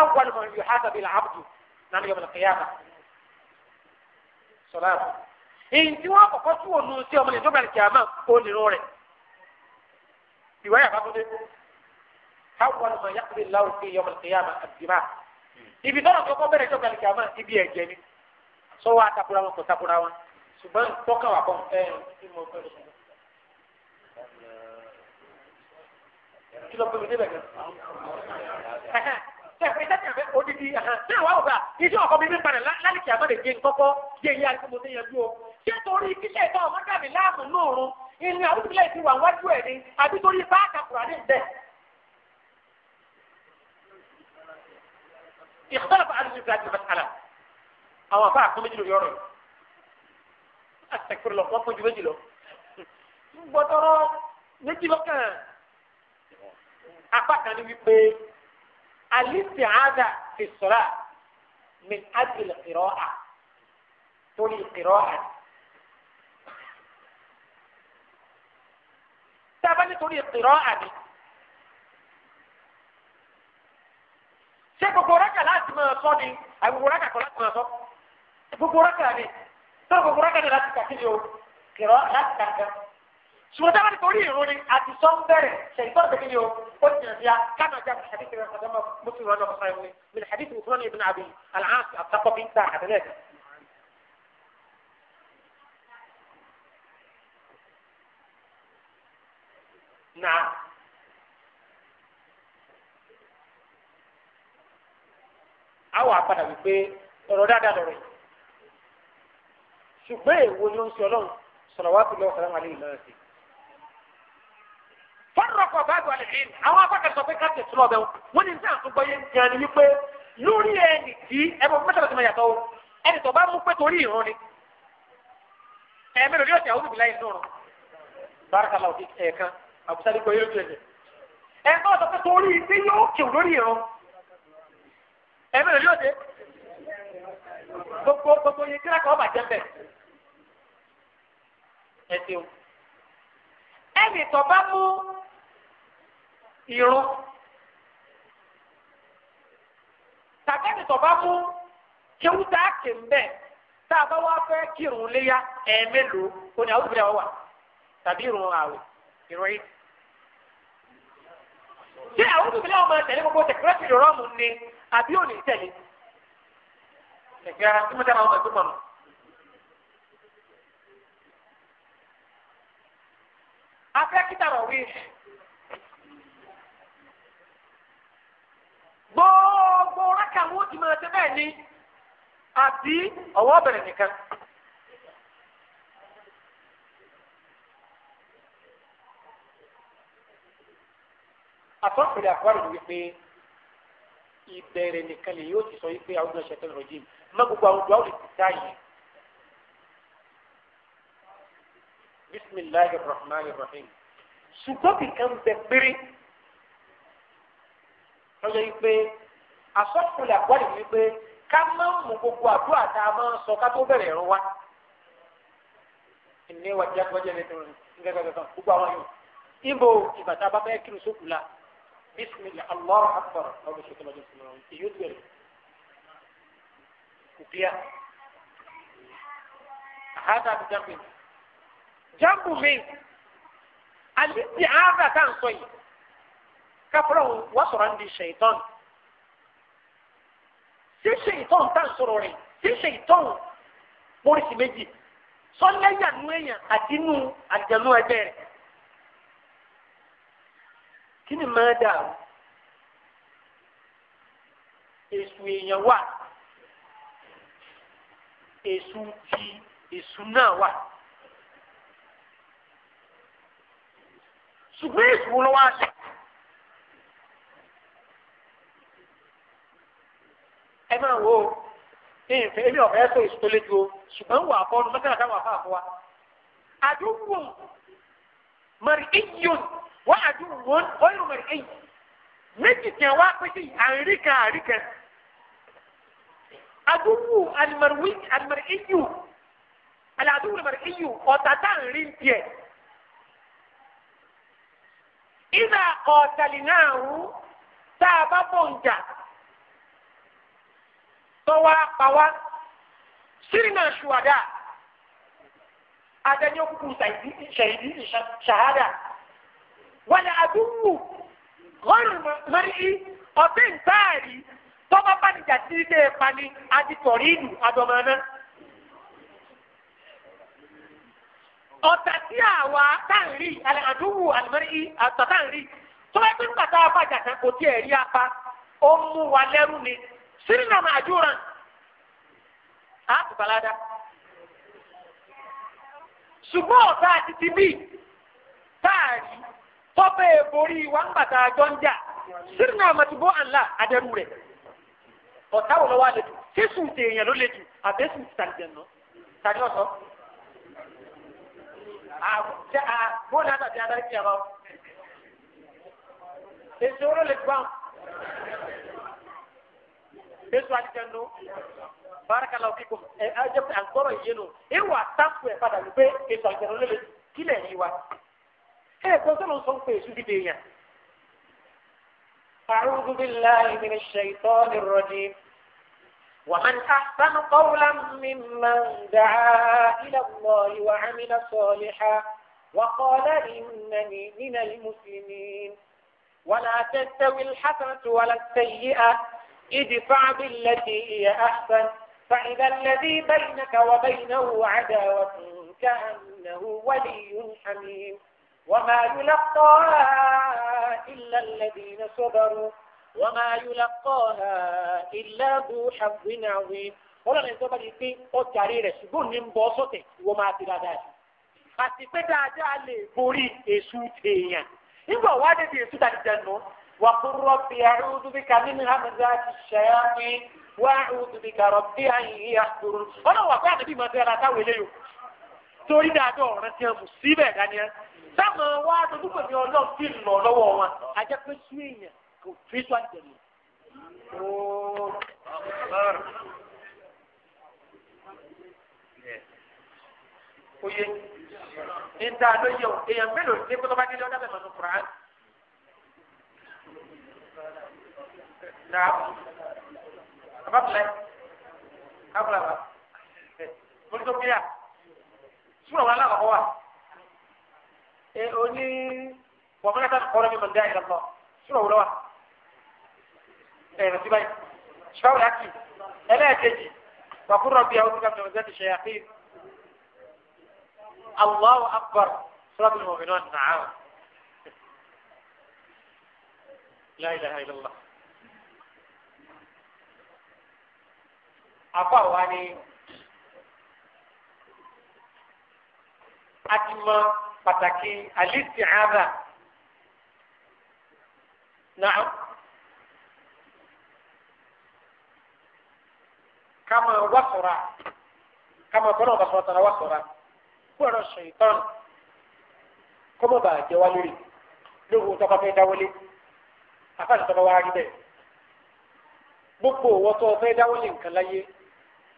awwal man yuhasabu al-abdu nanu yawm al-qiyamah sọlá ìyìn tí wọ́n kọ́kọ́ tún òun sí ọmọ riwaya Babatunde awal ma yaqdi Allahu fi yawm al-qiyamah ad-dima ibi tọ́lọ̀ tó kọ́ bẹ̀rẹ̀ jọ gbàlẹ̀ kìámà ibi ẹ̀jẹ̀ ni sọ wa takura wọn kò takura wọn ṣùgbọ́n tọ́ka wà kọ́ ẹ̀ kí ló gbẹmí débẹ̀ gan. ṣèpè sẹ́kẹ̀ fẹ́ odidi ṣé àwọn ọ̀gá iṣẹ́ ọkọ mi mi padà lálẹ́ kìámà lè gbé nkọ́kọ́ yé iye àti mo ti yẹn dúró ṣé torí kíṣẹ́ ìtọ́ ọmọdé mi láàmú lóòrùn ìní àwọn ìbílẹ̀ ti wà wájú ẹ̀ ni àbí torí bá àkàkùrà ní ìbẹ̀. ìkọ́lá bá alùpùpù láti mẹ́tàlá àwọn àbá àkọ́ méjì lórí ọ̀rọ̀ yìí àtẹ̀kùrọ̀ lọ wọ́n pọ̀jù méjì lọ. gbọ́dọ̀rọ̀ méjì lọ́kàn apá kan ní wípé alisi ada fi sọ̀rọ̀ min adìl kìrọ̀ à torí kìrọ̀ àti. tába nítorí ìpìrọ́ àmì. ṣé gbogbo rákà láti máa sọ ni àbí gbogbo rákà kan láti máa sọ gbogbo rákà ni tọ́lá gbogbo rákà ni láti kà kíni o kìrọ́ láti kà nǹkan. ṣùgbọ́n tába nítorí ìrún ni àti sọ ń bẹ̀rẹ̀ ṣèyí tọ́lá kíni o ó ti yàn síya kánà já mi hadith rẹ̀ kọjá mọ́ mọ́tò rẹ̀ lọ́kọ̀ sáyẹ̀wé mi hadith rẹ̀ fúnni ibn abi al-aas àtàkọ́ bí ń ta àtẹlẹ́ẹ̀kan. náà. àwọn àpàdà wípé ọ̀rọ̀ dáadáa lọ̀rọ̀ yìí ṣùgbọ́n èwo ni ó ń ṣe ọlọ́run sọ̀rọ̀ wá pẹ̀lú ọ̀sán àlẹ́ ìlú ẹ̀sìn. fọ́nrọ́kọ̀ bá gbọ́ àlejò yìí àwọn akọ́kẹ́ sọ pé káàtì ìtura ọ̀bẹ̀ wọn ní sáà tún gbọ́yé gan ni wípé lórí ẹni tí ẹbọ mẹ́tàlá ti máa yàtọ̀ o ẹni tó bá mú pé torí ìrún ni ẹ̀ẹ́mẹ́rin ló yọ̀ àbúsá ní kò yóò jẹ jẹ ẹ bá sọ pé torí pé yóò kéwù lórí ìran ẹ mẹ́rin yóò dé gbogbo gbogbo yìí kíláàkì ọba jẹ bẹ́ẹ̀ ẹ ṣeun ẹnì tó bá mú ìrun tàbí ẹnì tó bá mú kéwù tá a kè ń bẹ́ẹ̀ tá a bá wá fẹ́ kírun léyà ẹ̀ẹ́mẹ́lòó kò ní àwọn òbí rẹ̀ wá wà tàbí ìrun àwẹ̀ ìròyìn ṣé àwọn òbí náà máa tẹ̀lé gbogbo tẹ̀kúrẹ́tì rọ́ọ̀mù ni àbí òní tẹ̀lé ẹ̀fẹ́ ara tí mo dára ọmọ ẹ̀gbọ́n mọ̀. afẹ́ kíta rọ̀ wí. gbogbo rákà wọn ti máa tẹ́ bẹ́ẹ̀ ni àbí ọwọ́ bẹ̀rẹ̀ nìkan. àtọ́pẹ̀lẹ̀ àkọ́rọ̀ ni wípé ìbẹ̀rẹ̀ nìkan lè yóò ti sọ wípé àwọn ọdún ṣẹ̀tẹ̀ rọ̀ jìm má gbogbo àwọn ọdún àwọn ìpìtà yìí. bisimilahi rahman rahim ṣùgbọ́n kìkan bẹ péré lọ́jọ́ wípé àtọ́pẹ̀lẹ̀ àkọ́rọ̀ ni wípé ká má mú gbogbo àdúrà tá a máa ń sọ ká tó bẹ̀rẹ̀ ẹ̀rọ wa. ìní wàjẹ́ àtúwájẹ́ rẹ̀ tó ń gbẹ́gbẹ́ gbogbo àwọn yòó ibo ìbàtà bá fẹ́ kírun sókù la bisimilahi allah akbar ọbẹ ṣe tọmọdé sọmọ ọhún èyí ó bẹ̀rẹ̀ kò bíyà àhádà bí jáde jáàmù mi àlè ti àádà tá à ń sọ yìí káfọlọ wà sọ̀rọ̀ àǹdí ṣèyítọ́n ṣé ṣèyítọ́n tá à ń sọ̀rọ̀ rẹ̀ ṣé ṣèyítọ́n mọ́rìsì méjì sọ́lẹ́yà nú èèyàn àti nú àjẹnú ẹgbẹ́ rẹ̀ kí ni máa dà o èṣù èèyàn wà èṣù ti èṣù náà wà ṣùgbọ́n èṣù ló ẹ máa wo ìfẹ́ èmi ọ̀fẹ́ sọ èṣù tó lé ju o ṣùgbọ́n wà á bọ́ ọdún mẹ́tàlá táwọn afáàfọ́ wa àdúgbò mọ̀rí ìyọ̀n wọ́n àdúgbò wọn ọ̀yọ́ mẹ́rin ẹ̀yìn méjì tiẹ̀ wá pété àríkà àríkà àdúgbò alimẹ̀rẹ̀wì alimẹ̀rẹ̀ẹ́yù aladúgbò alimẹ̀rẹ̀ẹ́yù ọ̀tá tá à ń rí tiẹ̀. ìdá ọ̀tàlì náà wù tá a bá bọ̀ ń jà tọ́wọ́ apá wa sírìnà ṣùwádà adẹ́ni òkùnkùn ṣàhádà wàlẹ̀ àdúgbò ọ̀rùn mẹ́rì ọ̀bí ntáàrí tọ́ba bánìjà tí ilé ẹ̀pá ni adìtọ̀rí ìlú adọ̀mọ́ná. ọ̀tà tí àwa táǹrí àlẹ́ àdúgbò àlùmẹ́rì àtọ̀ táǹrí tọ́ba ẹgbẹ́ nígbà tá a fàjà kan kò tí ẹ̀ rí apá ó mú wa lẹ́rú ni sírìnà máa á kò balada. ṣùgbọ́n ọ̀tá àti ti bí táàrí tọ́pẹ́ èbórí wa ń bàtà àjọ ń jà sírìnà àmàtìbó àlà adẹ́rù rẹ̀ ọ̀tá wò lọ́wọ́ àlejò tí sùn tè èèyàn ló lejò àbẹ́sùn ti tàlẹ̀ jẹun náà tàbí ọ̀sọ́. bóun náà tàbí adarí kí a bá wọn. èso oró lè gbọ́n. èso àtijọ́ nù. barakallahu fikum ẹ ajẹ́ pé àgbọ̀rọ̀ yìí nù. ìwà táǹkù ẹ̀ padà ló pé èso àtijọ́ kílẹ̀ yìí wa. ẹ̀kọ́ sọ̀rọ̀ sọ أعوذ بالله من الشيطان الرجيم ومن أحسن قولا ممن دعا إلى الله وعمل صالحا وقال إنني من المسلمين ولا تستوي الحسنة ولا السيئة ادفع بالتي هي أحسن فإذا الذي بينك وبينه عداوة كأنه ولي حميم وما يلقاها إلا الذين صبروا وما يلقاها إلا ذو حظ عظيم wọ́n lè sọ́ba yìí pé ó jàre rẹ̀ ṣùgbọ́n ní ń bọ́ sọ́tẹ̀ wọ́n máa ti dáadáa sí. àti pé dáadáa lè borí èṣù tèèyàn nígbà wàá dé di èṣù tàbí jẹnu wà kó rọ́bì a'udhu bika min hamazati shayatin wà a'udhu bika rabbi an yahdurun. wọ́n náà wà pé àdébí máa fẹ́ táwọn eléyò torí dáadáa ọ̀rẹ́ tiẹ̀ mú síbẹ̀ dáníyà táwọn wá dojúkọ ní ọlọ́ọ̀ fi lọ lọ́wọ́ wọn ajá pé sú èèyàn kò fi tó àjẹmọ́. oye níta ló yẹ o èèyàn mélòó ní kótó bá délé ọjà bẹ́ẹ̀ mọ̀ ní kuran. Naa, abakilẹ, abakilẹ ba, mọlítọ́ bíyà, súnmọ̀ wọn aláwọ̀ wa. oní wàmúlẹ̀ sáà kọ́ra mi mọ̀ndé àyè lọ́kọ́ sùrọ̀ wúlọ́wà ẹ̀rọ síbáyì ṣọ́ọ̀rọ̀ àti ẹlẹ́ẹ̀kejì wàkúrọ̀ bíi àwọn ìgbàgbọ́ ìgbàgbọ́ ti ṣe àfihàn Allahu akbar sọ́ọ̀tù mọ̀mìnà nàá la ilaha illallah. afa wa ni a ti mọ. pàtàkì al-isti'adha náà kama wasora kama bọ́lá ọba sọ̀rọ̀ tara wasora gbọ́dọ̀ ṣètọ́n kọ́mọ̀ bá jẹ́ wá lórí lóhùn tó fẹ́ dáwọ́lé afáàlì tó wá rí bẹ́ẹ̀ gbogbo owó tó fẹ́ dáwọ́lé nǹkan láyé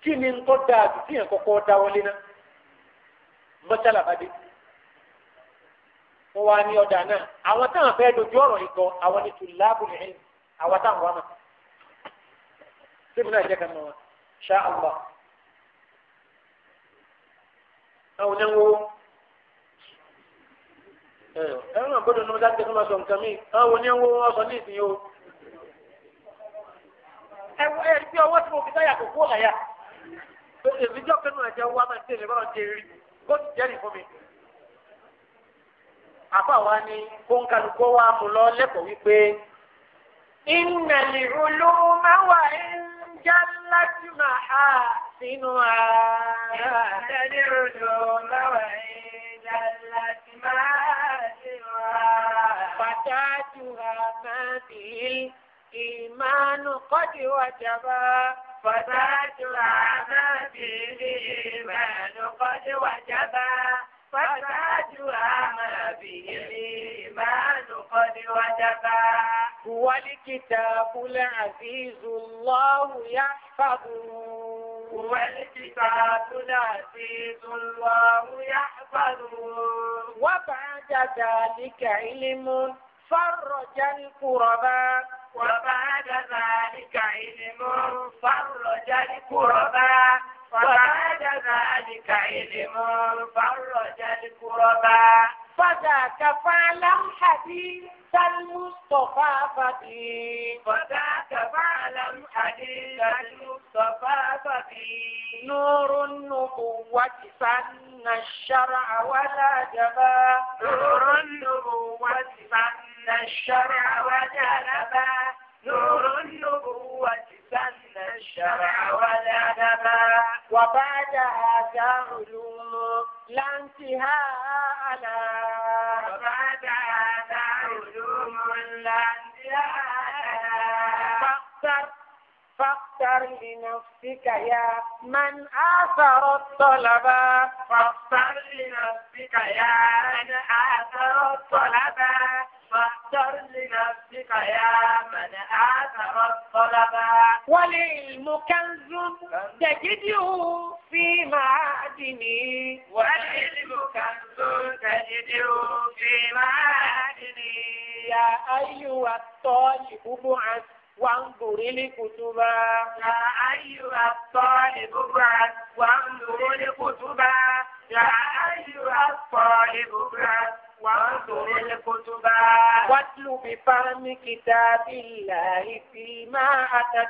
kí ni ń tọ́ da nkoko yẹn kọ́kọ́ dáwọ́lé náà bá wọ́n wá ní ọ̀dà náà àwọn táwọn fẹ́ dojú ọ̀rọ̀ yìí kọ àwọn ní tùlábù ní ẹ̀yìn àwọn táwọn wà mọ̀ síbi náà jẹ́ kan mọ́ wọn ṣá àlọ́ àwọn náà wo ẹ̀rọ náà gbọ́dọ̀ náà dájú ẹ̀rọ máa sọ nǹkan míì àwọn ní wọn sọ ní ìsìn o ẹ ẹ bí ọwọ́ tí mo fi táyà kò kó ọ̀gá yá èmi jọ́ kẹ́nu àjẹwò wa máa ń tẹ̀lé bọ́lá ń tẹ̀lé rí bó jẹ́rìí fún mi àfa wa ni kóńkálukó wa mú lọ lẹ́kọ̀ọ́ wípé ìnàlì olóma wà ẹ̀ńjá láti máa hà sínú ara. ìnàlì olóma wà ẹ̀ńjá láti máa hà sínú ara. pàtàkì àmàbìlì ìmánu kọ́dí wàjàbá. pàtàkì àmàbìlì ìmánu kọ́dí wàjàbá. فتاجها ما به الإيمان قد وجبا هو الكتاب العزيز الله يحفظه هو الكتاب العزيز الله يحفظه وبعد ذلك علم فرج الكربا وبعد ذلك علم فرج الكربا فبعد ذلك علم فرج الكربا فذاك فاعلم حديث المصطفى فقيه فذاك فاعلم حديث المصطفى فقيه نور النبوة سن الشرع ولا جبا نور النبوة سن الشرع وجلبا نور النبوة سن إن الشمع والأنما وبعدها تعلوم لا انتهاء لا وبعدها تعلوم لا انتهاء فاختر فاختر لنفسك يا من آثر الطلبة فاختر لنفسك يا من آثر الطلبة فاختر لنفسك يا من آثر الطلب والعلم كنز تجده في معادني والعلم كنز تجده في معادني يا أيها الطالب ابعث وانظر لكتب يا أيها الطالب ابعث وانظر لكتب يا أيها الطالب ابعث وانظر الكتب واتل بفهم كتاب الله فيما أتت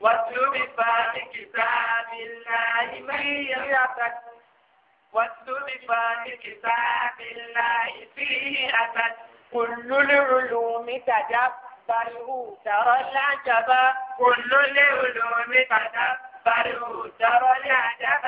واتل بفهم كتاب الله من أتت واتل بفهم كتاب الله فيه أتت كل العلوم تدبره ترى العجب كل العلوم تدبره ترى العجب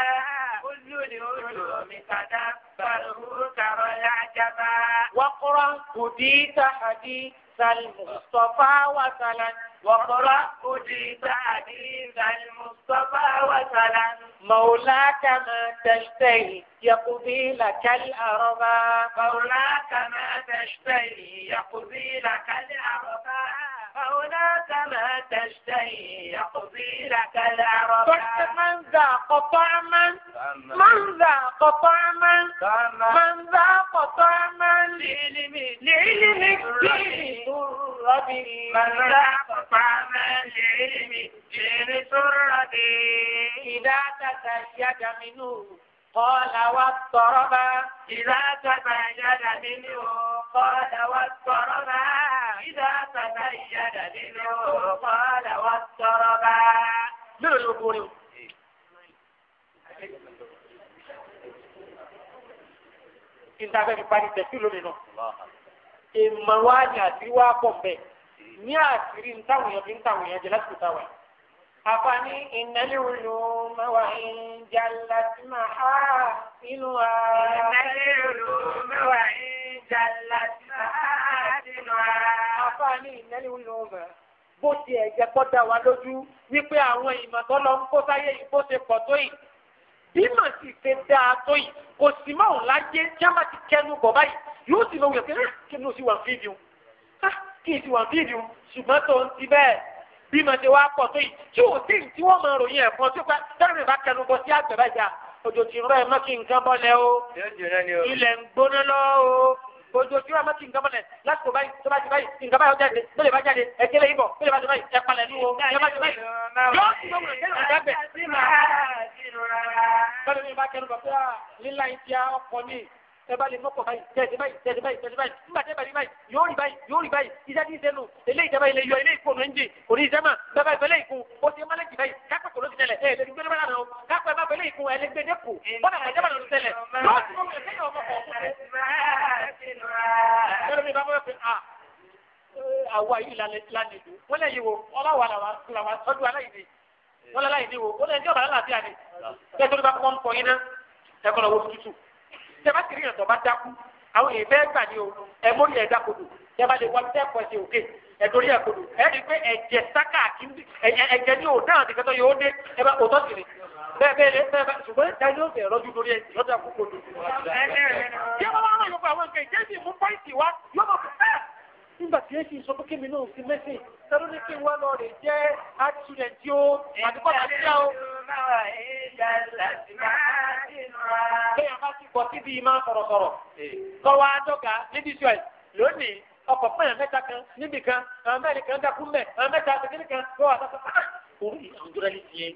اسجد وادعو فتدبره كما واقرأ هديت حديث المصطفى وسلا واقرأ أجيب حديث المصطفى وسلا مولاك ما تشتهي يقضي لك الأرض مولاك ما تشتهي يقضي لك الأرض هناك ما تشتهي يقضي لك العرب تحت من ذاق طعما من ذاق طعما من ذاق طعما لعلمك لعلمك من ذاق طعما لعلمك به سربي إذا تزيد منه قال واضطربا إذا تزيد منه قال واضطربا إذا تبين النور قال واضطربا lórí ló borí o. Ìta fẹ́ fi parí tẹ̀sí lónìí náà. Èèmọ̀ wa ni àti wá pọ̀ bẹ́ẹ̀. Ní àṣírí ń táwọn èèyàn fi ń èèyàn jẹ láti kò táwọn. Àfa ní ìnáyé olú mẹ́wàá ìjà láti máa há inú wa. Ìnáyé olú mẹ́wàá ìjà láti máa há àfáàní ìnẹ́lẹ́wọ̀n ni wọ́n mọ̀ bó tiẹ̀ jẹ́ kó wa lójú wípé àwọn ìmọ̀ tó lọ ń kó sáyé yìí bó ṣe pọ̀ tó yìí bí mà sì ṣe dáa tó yìí kò sì má òun lájẹ jámà ti kẹnu bọ̀ báyìí yóò sì lọ wíwẹ̀ pé ah, kí ni o sì wà fídíò ah, kí n sì wà fídíò ṣùgbọ́n tó ń ti bẹ́ẹ̀ bí mà ṣe wá pọ̀ tó yìí tí ò sí tí wọ́n máa ròyìn ẹ̀fọn tó pa tẹ́lẹ̀ bá kẹnu bọ̀ ojoojúmọ́ àmọ́ kí nǹkan mọ́lẹ̀ lásìkò báyìí tó bá ti báyìí nǹkan báyìí ó jáde tó lè bá jáde ẹ̀kẹ́lẹ́ yìí bọ̀ tó lè bá ti báyìí ẹ̀ palẹ̀ nù o ẹ̀ bá ti báyìí yóò sì lọ́wọ́ ìjẹ́rù àdábẹ̀ ẹ bá lè mọ́kọ̀ báyìí tẹ̀sí báyìí tẹ̀sí báyìí tẹ̀sí báyìí nígbà tẹ́ báyìí báyìí yóò rí báyìí yóò rí báyìí iṣẹ́ tí ń sẹ́nu eléyìí tẹ́ báyìí lè yọ eléyìí fóònù ẹ́ńjì kò ní iṣẹ́ mà bẹ́ẹ̀ báyìí fẹ́lẹ́ ìkun ó ti mọ́lẹ́ jì báyìí kápẹ́ kò ló ti tẹ̀lẹ̀ ẹ̀ lẹ́nu gbẹ́dẹ́ báyìí náà kápẹ́ bá fẹ́lẹ́ ìkun ẹ̀ lẹ́gbẹ́ dẹ́kù bọ́dà kọjá bá ah, lọ ló bá kọ́ ń pọ̀ yín ná ẹ̀kọ́ lọ́wọ́ tútù tẹ́bá ti rí ìyàn tó bá dákú àwọn èèyàn bẹ́ẹ̀ gbà ní o ẹ mórí ẹ̀ dákodò tẹ́bá lè wọ́n tẹ́ ẹ̀kọ́ ṣe òkè ẹ̀dórí ẹ̀kodò ẹ rí i pé ẹ̀jẹ̀ sáká ẹ̀jẹ̀ ní òun náà nìkan tó yẹ ó dé ẹ bá òótọ́ sí ni bẹ́ẹ̀ bẹ́ẹ̀ lé bẹ́ẹ̀ bá ṣùgbọ́n dájú ó fẹ́ rọ́jú lórí ẹ̀ lọ́dọ̀ àkókò lò. tí wọ́n bá rán yòókù àwọn nǹkan ìjẹ́sì mú pọ́ìntì wá yóò mọ̀ pé ah! nígbà tí èsì sọ pé kémi náà ti mẹ́sìn tẹ́lú ní kí n wá lọ rè jẹ́ àtúnyẹ̀ tí ó àdúgbò àti máa ìjà láti máa dínú wa. Bẹ́ẹ̀ bá ti bọ̀ síbi máa sọ̀rọ̀sọ̀rọ̀. Tọ́wọ́ eh. adọ́gà níbi ìṣọ̀ ẹ̀ lónìí ọkọ̀ fún ẹ̀ mẹ́ta kan níbì kan àwọn mẹ́rin kan dákú mẹ́ àwọn mẹ́ta àtẹ̀kẹ́ nìkan tó wà sọ́sọ́. Ah, orí àwọn jọra ní tiẹ̀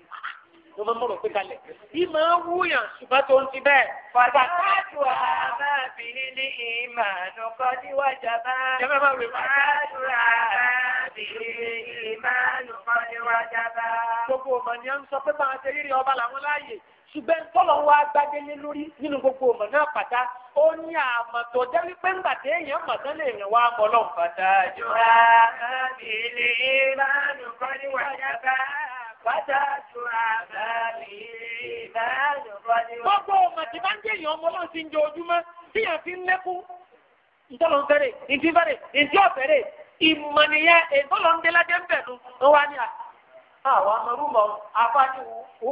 ló máa mọ̀rọ̀ pé kalẹ̀. ṣùgbọ́n tó ń ti bẹ́ẹ̀. Bàbá káàdù àbábìnrin ní ìmọ̀ àdókọ́ níwájà bá. Jẹ́fẹ́ máa wẹ̀ wá. Káàdù àbábìnrin. Gbogbo ọmọ ni a ń sọ pé máa ṣe rírì ọba làwọn láàyè. Ṣùgbọ́n tọ́lọ̀ wa gbadélé lórí nínú gbogbo ọmọ náà pàtá. Ó ní àmọ̀tọ̀ jẹ́ wípé ńgbà tí èèyàn mọ̀ tán lè rìn wá mọ́ lọ. Fàtàjù ra bàbílì ìmánu kọ́ níwájá bá. Fàtàjù ra bàbílì ìmánu kọ́ níwájá Gbogbo ọmọ tí bá ń jẹ́ èèyàn ọmọ náà ti ń jẹ ojúmọ́. Bí ìmọ̀nìyẹ ìgbọ́lọ̀ ń dé lájẹ́ ń bẹ̀rù ló wá ní àná. Àwọn amọ̀rúmọ̀ afájú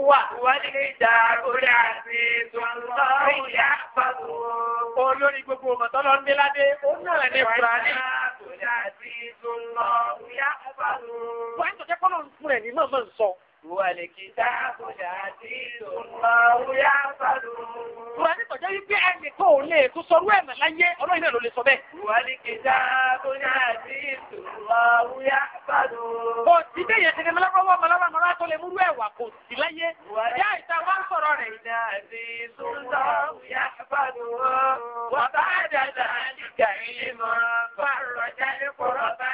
wà wálé ìjà orí àti ìtura ìyá àpapọ̀. Olórí gbogbo mọ̀tọ́lọ́ ń dé ládé, ó náà ní Fúlàní. Wọ́n ń tọ́jú kọ́lọ̀ ń fún ẹ̀ ní mọ̀ọ́mọ̀ Wà ní kọjá wípé ẹnì kan ò lè tó sọrú ẹ̀mọ̀ láyé ọlọ́run náà ló lè sọ bẹ́ẹ̀. Wà ní kìtà tó ní àti ìtura wúyá sádò. Kò sí bẹ́ẹ̀ yẹn tẹ̀lé mọ́lákọ́wọ́ mọ́láwá mọ́lá tó lè múrú ẹ̀wà kò sí láyé. Yá ìta wá ń sọ̀rọ̀ rẹ̀. Ìdá bá dàda nígbà yìí mọ́ fàrọ̀ jáde kúrọ̀ bá.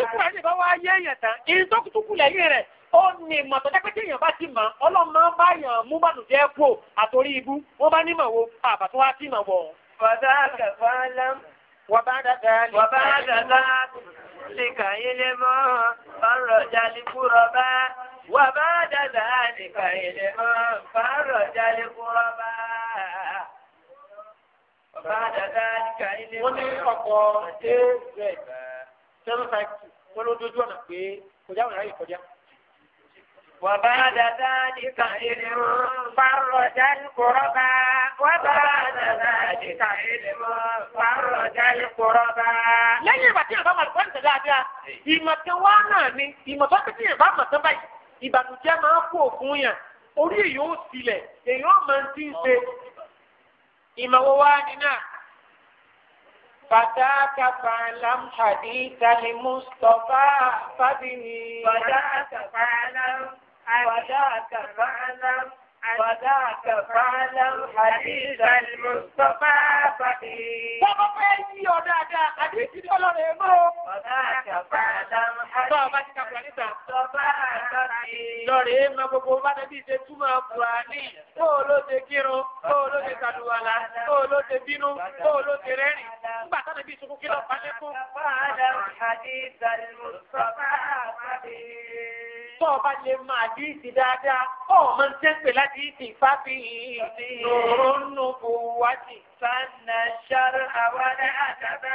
Ikú ẹni bá wá yé èèyàn tán, ìrìn tó kú tó kú lẹ́yìn rẹ̀, ó ní ìmọ̀ tó jẹ́ pé tí èèyàn bá ti mọ̀, ọlọ́run máa ń bá èèyàn mú bànújẹ́ kú àtòrí ibú, wọ́n bá nímọ̀ wo àbà tó wá sí ìmọ̀ wọ̀. Fọ̀dà kẹfà lẹ́m. Wàbá dàda ni. Wàbá dàda ni kàyé lé mọ́, ọ̀rọ̀ jalè kúrọ̀ bá. Wàbá dàda ni kàyé lé mọ́, ọ̀rọ̀ jalè kúrọ̀ bá wọ́n ní ọkọ̀ az seven five two wọ́n ló dojú ọ̀nà pé kọjá òun ráyè kọjá. وبعد ذلك علم فرد القربى وبعد ذلك علم فرد القربى lẹ́yìn ìgbà tí ìyàbá máa lọ́wọ́ níta dáadáa ìmọ̀tẹ́ wá náà ni ìmọ̀tọ́ pé tí ìyàbá máa tán báyìí ìbànújẹ́ máa ń kó òfun yàn orí èyí ó sílẹ̀ èyí ó máa ń ti ń ṣe ìmọ̀wó wá nínà. Fàdákà fàlám hadita li Mustapha Fábíyì. Fàdákà fàlám. Fàdákà fàlám. فذاك فعلم حديث المصطفى فقيه. Bọ́bá fẹ́ yí ọ dáadáa, àdìsí ni ọlọ́run ẹ̀ mọ́. فذاك فعلم حديث المصطفى فقيه. Lọ́rẹ̀ ẹ̀ mọ gbogbo bá dẹ́bí ṣe túmọ̀ Kùránì. Kó o ló ṣe kírun, kó o ló ṣe kàlùwàlà, kó o ló ṣe bínú, tó o bá lè máa dí ìsì dáadáa ó máa ń tẹ́pẹ̀ láti ìsì fáfi nùrùnù kò wá sí sanna ṣára àwárá àdàbà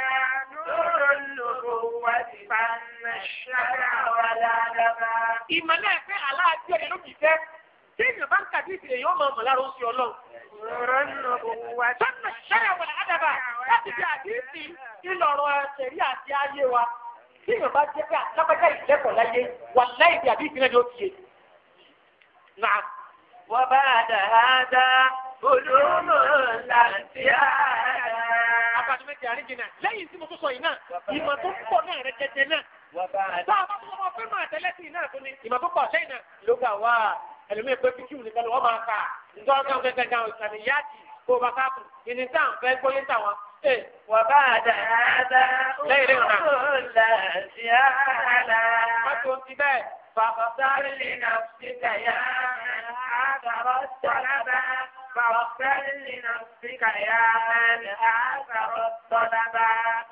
nùrùnù kò wá sí sanna ṣára àwárá àdàbà. ìmọ̀lẹ́ ẹ̀fẹ́ aláàbí ọ̀rẹ́ ló kì í fẹ́ tí èèyàn bá ń kàdí ìsì èèyàn máa mọ̀ lára oṣù ọlọ́run. nùrùnù kò wá sí sanna ṣára àwárá àdàbà láti wa tí èèyàn bá jẹ́ pé alágbájá ìlẹ́kọ̀ọ́ láyé wà láì bí àbí ìpínlẹ̀ ni ó ti yé. Nà. Wọ́n bá dàda olóòmọ̀ láti á. Abájọ méjì àríjì náà lẹ́yìn tí mo tún sọ yìí náà ìmọ̀ tó pọ̀ náà rẹ jẹjẹ náà. Tá a bá tún lọ́wọ́ fẹ́ máa tẹ́lẹ̀ sí iná àtúni ìmọ̀ tó pọ̀ lẹ́yìn náà ló gbà wá ẹlòmíì pé píkì nìkan ni wọ́n máa kà ńdọ́gán gẹ́gẹ́ gan ìkànnì yáàtì kó o bá káàkùn ìní táwọn fẹ́ gbóyè táwọn وبعد هذا أمور لا زيادة فاغفر لنفسك يا من عذر الطلب فاغفر لنفسك يا من عذر الطلب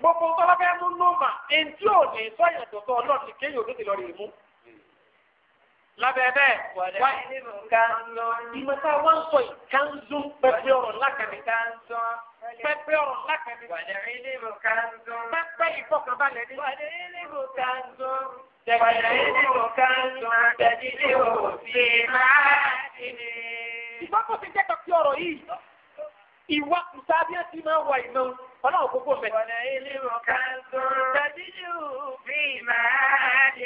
gbogbo tọ́lọ́fẹ́ ló ló mà ẹni tí ò ní sọ́yìn àtọ̀tọ̀ ọlọ́ọ̀tì kéyìn òdòdó lọ rè mú. lábẹ́ bẹ́ẹ̀ wá ìmọ̀ta wá ń sọ ìkánzó pẹ̀lú ọ̀rọ̀ lákàtúntà pẹpẹ ọ̀rọ̀ lákàtí. wàlẹ̀ ìlú kanzó. pẹpẹ ìfọkànbalẹ̀ ni. wàlẹ̀ ìlú kanzó. wàlẹ̀ ìlú kanzó. tẹ̀sí ní òfin máa ti ìgbà tó ti jẹ́ kọ́kí ọ̀rọ̀ yìí ìwà kùsà bí wọ́n ti máa wà ìmọ̀ ọlọ́run gbogbo mẹ́. wàlẹ̀ ìlú kanzó. tẹ̀sí ní òfin máa ti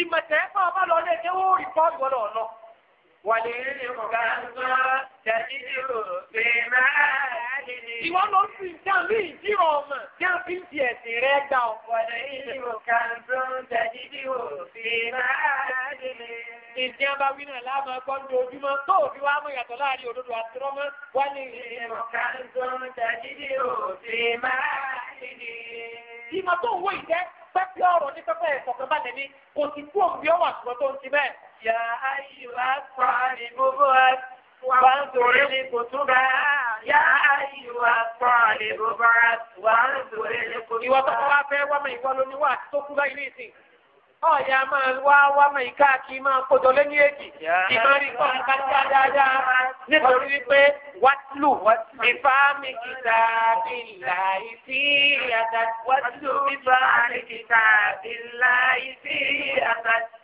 ìmọ̀tẹ́ fún ọmọ lọ lé ẹjẹ́ wọ́n rí fọ́ọ̀mù ọlọ́ọ̀lọ́. Ìwọ́n ló ń fi nǹkan ní ìdíwọ̀ ọmọ tí a fi ń fi ẹ̀sìn rẹ gbà ọ. Wọ̀lẹ̀ ìlú kan tó ń tẹ̀lé bí wò fi máa délé. Ìdí ọba wí náà láàmú ẹgbọ́n ní ojúmọ́ tó òfin wá mọ̀ yàtọ̀ láàrin òdodo àti rọ́mọ́. Wọ̀lẹ̀ ìlú kan tó ń tẹ̀lé bí wò fi máa délé. Ìmọ̀ tó ń wọ ìtẹ́ pẹ́pẹ́ ọ̀rọ̀ ní pẹ́pẹ́ ẹ̀fọ̀kan bá lẹ́ni kò sì kú òun bí ọ̀wà ṣùgbọ́n tó ń ti bẹ́ẹ̀. yà á yí wá pa ní gbogbo ẹ wà ń sòrí ní kòtúbà yà á yí wá pa gbogbo ẹ wà ń sòrí ní kòtúbà. ìwọ tó kọ́ wá fẹ́ wọ́n mọ ìwọ lóníwà tó kú báyìí ní ọ̀yà máa wá wá máa ìka kí máa kójọ lé ní èjì kí máa rí kọ́ nǹkan tí dáadáa nítorí wípé wàtúlù ìfáàmì kìtà bìlà ìfì àtàkùn wàtúlù ìfáàmì kìtà bìlà ìfì àtàkùn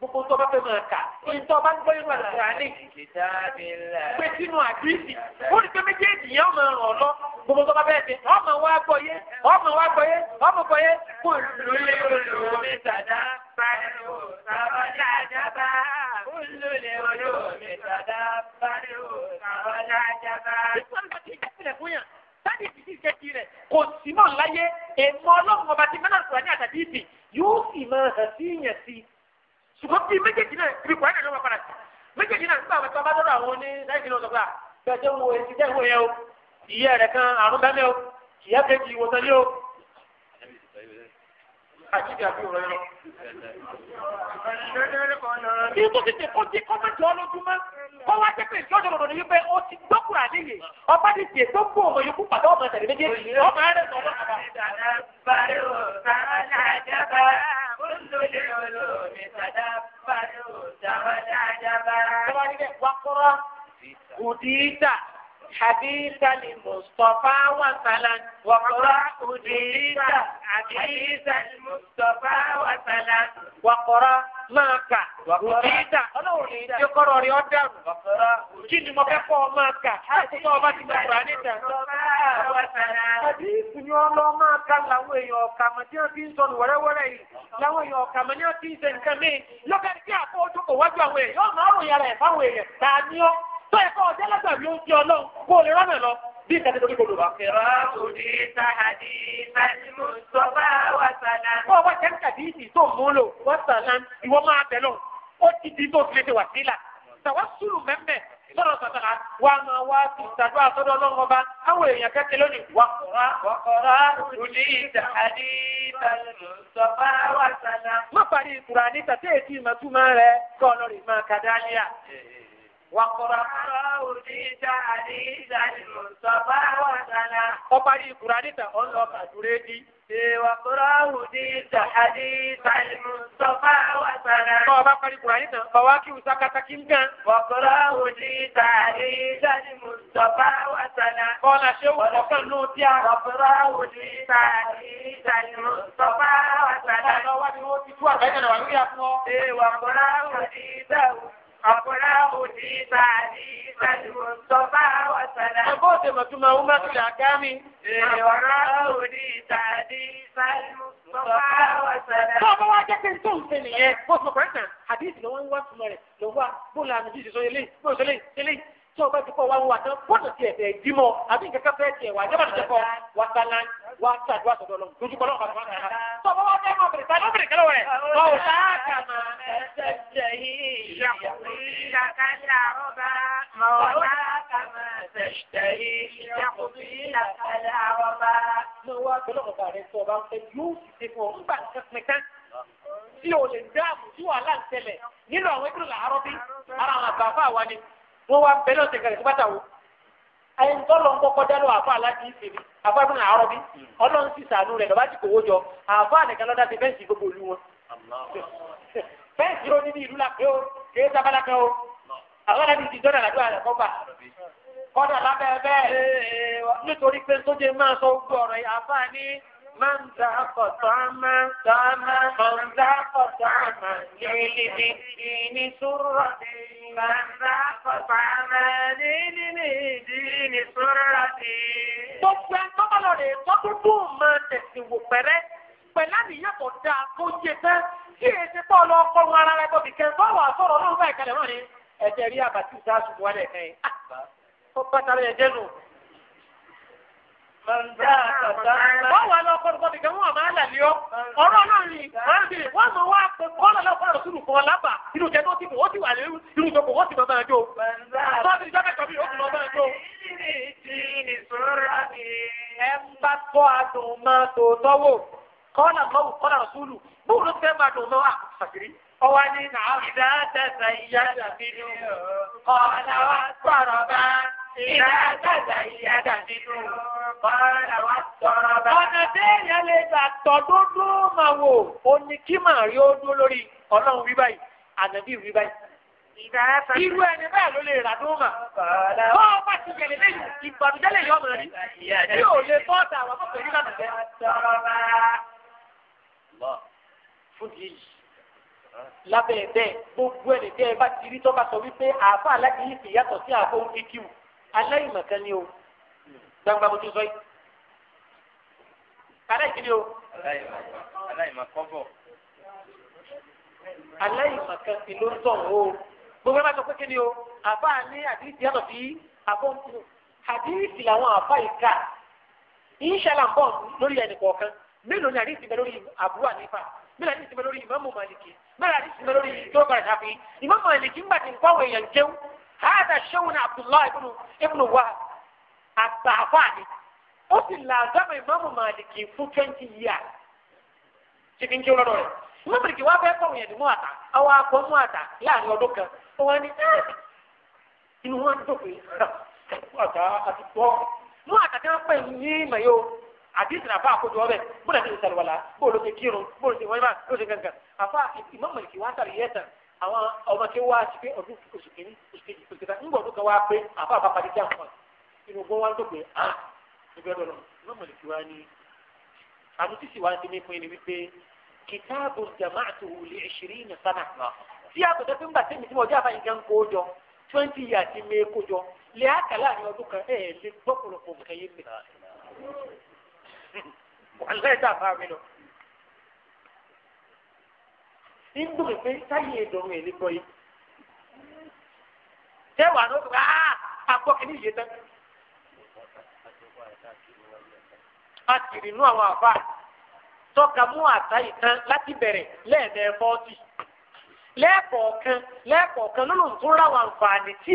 gbogbo tó bá fẹ́ máa kà ìtọ́ bá ń gbọ́ inú àlùkò àní pé sínú àdìsí ó ní pé méjèèjì yẹn ọmọ ràn lọ gbogbo tó bá fẹ́ ṣe ọmọ wa gbọ́ yé ọmọ wa gbọ́ yé ọmọ gbọ́ yé kò lóye olómi sàdá pariwo sàbá dájábá kò lóye olómi sàdá pariwo sàbá dájábá. ìfọ̀nà ti ìjẹ́sílẹ̀ fún rẹ̀ kò sí mọ́ láyé èèmọ̀ ọlọ́run ọba ti mẹ́nà ṣùgbọ́n bíi méjèèjì náà ibi kò ẹ̀dẹ̀ ló wà padà sí méjèèjì náà nígbà wọn tó bá dọ́dọ̀ àwọn oní sáyẹ́ǹsì náà sọ̀gbà bẹ́ẹ̀ tó ń wo etí tẹ́ ń wo yẹn o ìyẹ́ rẹ̀ kan àrùn bẹ́ẹ̀ o ìyá kejì ìwòsàn yìí o. àjíjì àbí òrò yẹn. kí tó ti ṣe kó ti kó mẹ́jọ lójúmọ́ kó wá jẹ́ pé ìjọ́jọ́ lọ́dọ̀ ni wípé ó ti gbọ́kùrà níyì ọba ti tiẹ̀ tó kú ọmọ yòókù pàtó ọmọ ẹ̀sẹ̀ كنت العلوم تدبروا سوى العجبا وقرأ أديت حديث المصطفى وصلا وقرأ أديت حديث المصطفى وصلا وقرأ máa kà ìdá ọlọ́run ní kọ́rọ̀ rí ọ́dà rù kí ni mo fẹ́ kọ́ ọ máa kà àìsíkò ọba ti gbà rà níta. àdéhùn ni ọlọ́ máa ka làwọn èèyàn ọ̀kà mọ̀ tí wọ́n fi ń sọnù wẹ́rẹ́wẹ́rẹ́ yìí làwọn èèyàn ọ̀kà mọ̀ ní wọ́n fi ń ṣe nǹkan mí àpò ojú wájú àwọn èèyàn yóò máa ròyìn ara ẹ̀ èèyàn tà ọ́ tó ẹ̀kọ́ ọ̀dẹ́lẹ́gbẹ̀rún bí ìtàgé tó ní kò lò wá. ìrọ̀ òde sàhàdì sàlìmù sọ́bà wàsàlà. wọ́n wá jẹ́ kàdíìsì tó mú lò wàsàlà ìwọ máa bẹ̀ lọ ó ti di tó fi léde wàsílà tàwa sùúrù mẹ́mẹ́ sọ̀rọ̀ sàtàlà wà máa wá sí ìtàdúrà sọ́dọ̀ ọlọ́run ọba àwọn èèyàn kẹ́kẹ́ lónìí wà kọ̀ra kọ̀ra òde sàhàdì sàlìmù sọ́bà wàsàlà. má parí ìtura ní tàtẹ́ẹ̀tì ìmọ̀túmọ̀ rẹ̀ kọ́ ọ Wàkùrọ̀kùrọ̀ òdìjà àdìjà ìmùsọ̀bá wàsánà. di parí ìkùrà níta, ó lọ kàdúré dí. Ìwàkùrọ̀ òdìjà àdìjà ìmùsọ̀bá wàsánà. Bọ́ ọba parí ìkùrà níta, bàwá kí wùsá kàtàkì ń gàn. Wàkùrọ̀ òdìjà àdìjà ìmùsọ̀bá wàsánà. Bọ́lá ṣé wù ọ̀kan ló dí a. Wàkùrọ̀ òdìjà àdìjà ìmùsọ̀bá wàsánà. Bọ́lá wá ni wọ́n ti tú àbẹ́yẹn أقرأ في تعليم المصطفى وسلام أقول ما كما هما كلا كامي أقرأ في تعليم المصطفى وسلام طب ما جاك انتم سنية بص ما قرأتنا حديث لو أن وقت مرة لو هو بولا نجيز سوي لي بولا سوي لي tó o bá ti kọ́ wa ń wà tán gbọ́dọ̀ tiẹ̀ fẹ́ dímọ̀ àbí nǹkan fẹ́ tiẹ̀ wà jábàtì tẹ̀ kọ́ wa sálá wa sàdúrà sọ̀dọ̀ lọ lójú kọ́ lọ́wọ́ bàbá kan tó o bá wà fẹ́ mọ̀ bèrè sáré ó bèrè kẹlẹ́ wọ̀ rẹ̀ ọ̀ ò sá kà mà ẹsẹ̀ jẹ yìí ìyàkàlà ọba mà ọ̀ sá kà mà ẹsẹ̀ jẹ yìí ìyàkàlà ọba. mo wá gbọ́dọ̀ bàrẹ̀ sọ bá ń fẹ́ yóò ti fọ nígbà kankan tí o lè dáàbò tí wàhálà ń tẹ̀lẹ̀ nínú àwọn ìdúró làárọ̀ bí ara àwọn àgbà fáwa ni wọ́n wá bẹ́lẹ̀ ọ̀sẹ̀ kẹrẹ̀ síbátà wo ayé ń tọ́lọ̀ ń kọ́kọ́ dá lọ́wọ́ àfa aláàbí ìsèlú àfa fún àárọ̀ bí ọlọ́run sì sànú rẹ̀ lọ́ba ti kówó jọ àfa nìkan lọ́dá ti fẹ́ǹsì gbogbo olú wọn. fẹ́ǹsì ó ní ní ìlú làpẹ́ o kéé sábàlá kan o àwọn aláàbí ti dọ́nà àdúrà rẹ̀ kọ́ gbà kọ́dà lábẹ́ bẹ́ẹ̀ nítorí pé sójú máa sọ gbogbo ọ̀rọ̀ àfa ní من ذاق طعما طعما من ذاق طعما ليل الدين سرة من ذاق طعما ليل الدين سرة gbogbo ẹ tó bá lọ rè tọ́jú dùn máa tẹ̀sí wò pẹ̀rẹ́ pẹ̀lú àníyàn tó dáa tó yẹ tán kí èsì pọ̀ lọ kọ́ wọn ara rẹ bọ̀bì kẹ́ bọ́ wà sọ̀rọ̀ náà fún ẹ̀kẹ́lẹ̀ náà ni ẹ̀jẹ̀ rí àbàtì ìdásùn wọlé kẹ́yìn. Ah! ó bá tara ẹ̀jẹ̀ nù. wọ́n wà lọ kọ́dùkọ́dù kan wọ́n máa lẹ̀ ọ́ ọ̀rọ̀ náà ni wọ́n ti wọ́n mọ̀ wá pé kọ́lọ̀ lọ́kọ́ rẹ̀ sùúrù fún ọ lábà inú jẹ́ tó ti bò ó ti wà inú ti ìjọba ìlà àtàgbà ìyá ọ̀nà téèyàn lè gbà tọ́ dúdú máa wò ó ní kí màá rí ó dúró lórí ọlọ́run wí báyìí ànábì wí báyìí. Irú ẹni bẹ́ẹ̀ ló lè rà dúró mà. Bọ́ bá ti yẹlẹ lẹ́yìn ìbànújẹ́ lè yọ ọmọ rí. Bí ò lè bọ́ ọ̀tà àwọn akọ́kọ̀ọ́ nígbà tó fẹ́. Fún ti gbogbo ẹni tẹ́ bá ti rí tọ́ka sọ wípé àáfàá láti fìyàtọ̀ sí àáfàá òun kíkí o aláìmọ̀kan ni o gbangba mo tún sọ yìí aláìkí ni o. aláìmọ̀kan bọ̀. aláìmọ̀kan sì ló ń tọ̀ o gbogbo ẹ bá sọ pé kí ni o àbá ní àdìsí yàtọ̀ sí àbọ̀ǹtì àdìsí làwọn àbá ìka ìṣẹ̀lẹ̀ àbọ̀ lórí ẹnì kọ̀ọ̀kan mélòó ni àdìsí bẹ lórí Abu Hanifa mélòó àdìsí bẹ lórí Imamu Maliki mélòó àdìsí bẹ lórí tó bàrẹ̀ sáfì Imamu Maliki ń gbàdí nǹkan àwọn èèyàn jẹun. هذا الشون عبد الله ابن ابن وهب الطعفاني ó sì làzámà ìmáàmù màlìkì fún twenty years ṣìkì ń kí ọlọ́dọ̀ rẹ̀ ìmáàmù màlìkì wá fẹ́ kọ̀wé ẹ̀dùnmọ́ àtà àwọn akọ̀mú àtà láàrin ọdún kan ó wá ní ah! inú wọn tó pé àtà àti bọ́ mú àtà tí wọ́n pè ní ìmọ̀yó àdìsí nàfà àkójọ ọbẹ̀ bó dàbí ìsàlùwàlà bó ló ti kírun bó ló ti wọ́n bá ló ti gàngàn àfà ìmáàmù màlìkì wá sàrìyẹ́sàn àwọn ọmọ tí wá sí pé ọdún oṣù kìíní oṣù kejì oṣù kẹta ńgbọ ọdún kan wá pé àfa àbápadé já nǹkan inú gbọ́n wá ń dọ̀gbẹ́ á níbi ọdọ lọ lọ́mọlẹ̀ kí wá ní. àmì tí sì wá sí ní fún yín ni wípé kìtáàbù jamaatu wùlé ìṣirí ní sánà. tí a tọ̀tọ̀ fi ń gbà sẹ́mi tí mo jẹ́ àbáyé gan kó jọ twenty years ti mé kó jọ lè á kàlà ní ọdún kan ẹ̀ẹ́dẹ́gbọ́pọ̀lọpọ̀ nǹkan yé ní ń dùn pé táyé ìdòrùn èlé ah, gbọ́ yìí. jẹ́ ló a ti rìn inú àwọn àbá tọ́ka mú àtá yìí tán láti bẹ̀rẹ̀ lẹ́ẹ̀mẹ́ fọ́ọ̀tì. lẹ́ẹ̀kọ̀ọ̀kan lẹ́ẹ̀kọ̀ọ̀kan ló lòun tún ráwọn àǹfààní tí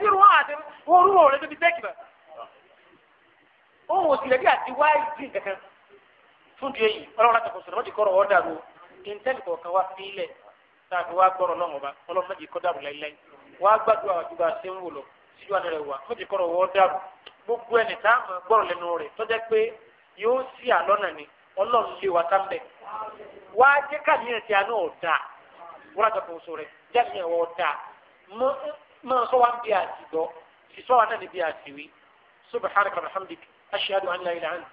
ẹgbẹ́ wọn àti wọn rú òun rẹ tóbi tẹ́kì bá òun ò tilẹ̀ bí àti wá ìdí kankan fún di èyí ọlọ́run láti kọ̀ sọ̀rọ̀ wọ́n ti kọ́ ọ̀rọ̀ ọ̀dà ro intanet kọ̀ọ̀kan wá fílẹ̀ tàbí wá gbọ́rọ̀ náà wọ́n bá ọlọ́run méjì kọ́ dàrú láíláí wá gbàdúrà àdúgbò àti ń wò lọ síjú rẹ̀ wá wọ́n ti kọ́ ọ̀rọ̀ ọ̀dà ما نصوى عن في صوى عن بياتي سبحانك رب الحمدك أشهد أن لا إله إلا أنت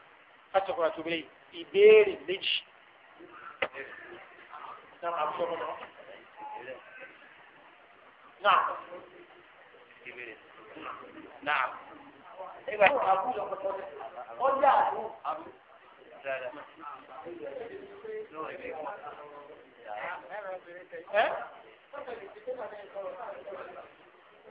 أتقوى تبلي في بير الليج نرى نعم، أبصر الله نعم نعم, نعم. ايوه ابو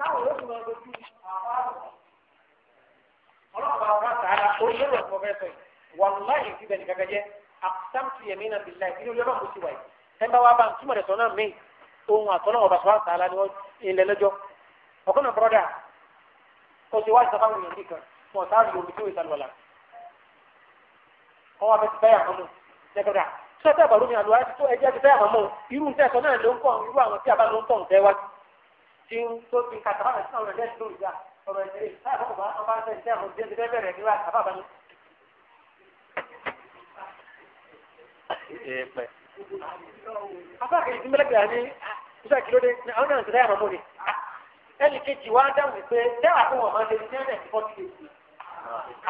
táwọn yóò tún lọ lójú àwọn àrùn ọlọ́pàá ọba sàárà olórí ọ̀pọ̀ fẹ́fẹ́ wàláyé ti bẹ̀rẹ̀ gàgàjẹ àtàmtì yẹmí náà bí láì inú lọ́nà kò sí wáyé ẹnbá wa bá ń túmọ̀ rẹ̀ sọ̀nà mí ohun àtọ́nà ọba sọ̀rọ̀ sàárà ni ilẹ̀ lọ́jọ́ ọ̀kan náà bọ́dà ó ti wá ìsọ̀fà wọ̀nyẹn nìkan wọn sáà lò omi tó ìsàlùwàlà ọwọ́ abẹ́ ti bẹ́ yà mọ́mú dẹ́gbẹ́dà sọ́tẹ́ àbàlómi àlùwà tó ẹjẹ́ ti bẹ́ yà mọ́mú irú ń tí ń tó fi kàtà bá bẹ̀rẹ̀ ọ̀rọ̀ ẹ̀dẹ́ lórí ìjà ọ̀rọ̀ ẹ̀dẹ́ ìṣáà bá bá bá bẹ̀rẹ̀ ìṣẹ́ àwọn òbí ẹ̀dẹ́ bẹ̀rẹ̀ níwá àbá bá ní. afá kejì mẹlẹgbẹ̀rẹ̀ ní ah, iṣẹ́ kìlódé ní àwọn náà ti dáyà mọ́mọ́ ni ẹnì kejì wá dáhùn wípé dáhà tó wọ̀n máa ṣe ní ẹ̀rẹ̀ ìfọ́ ti dé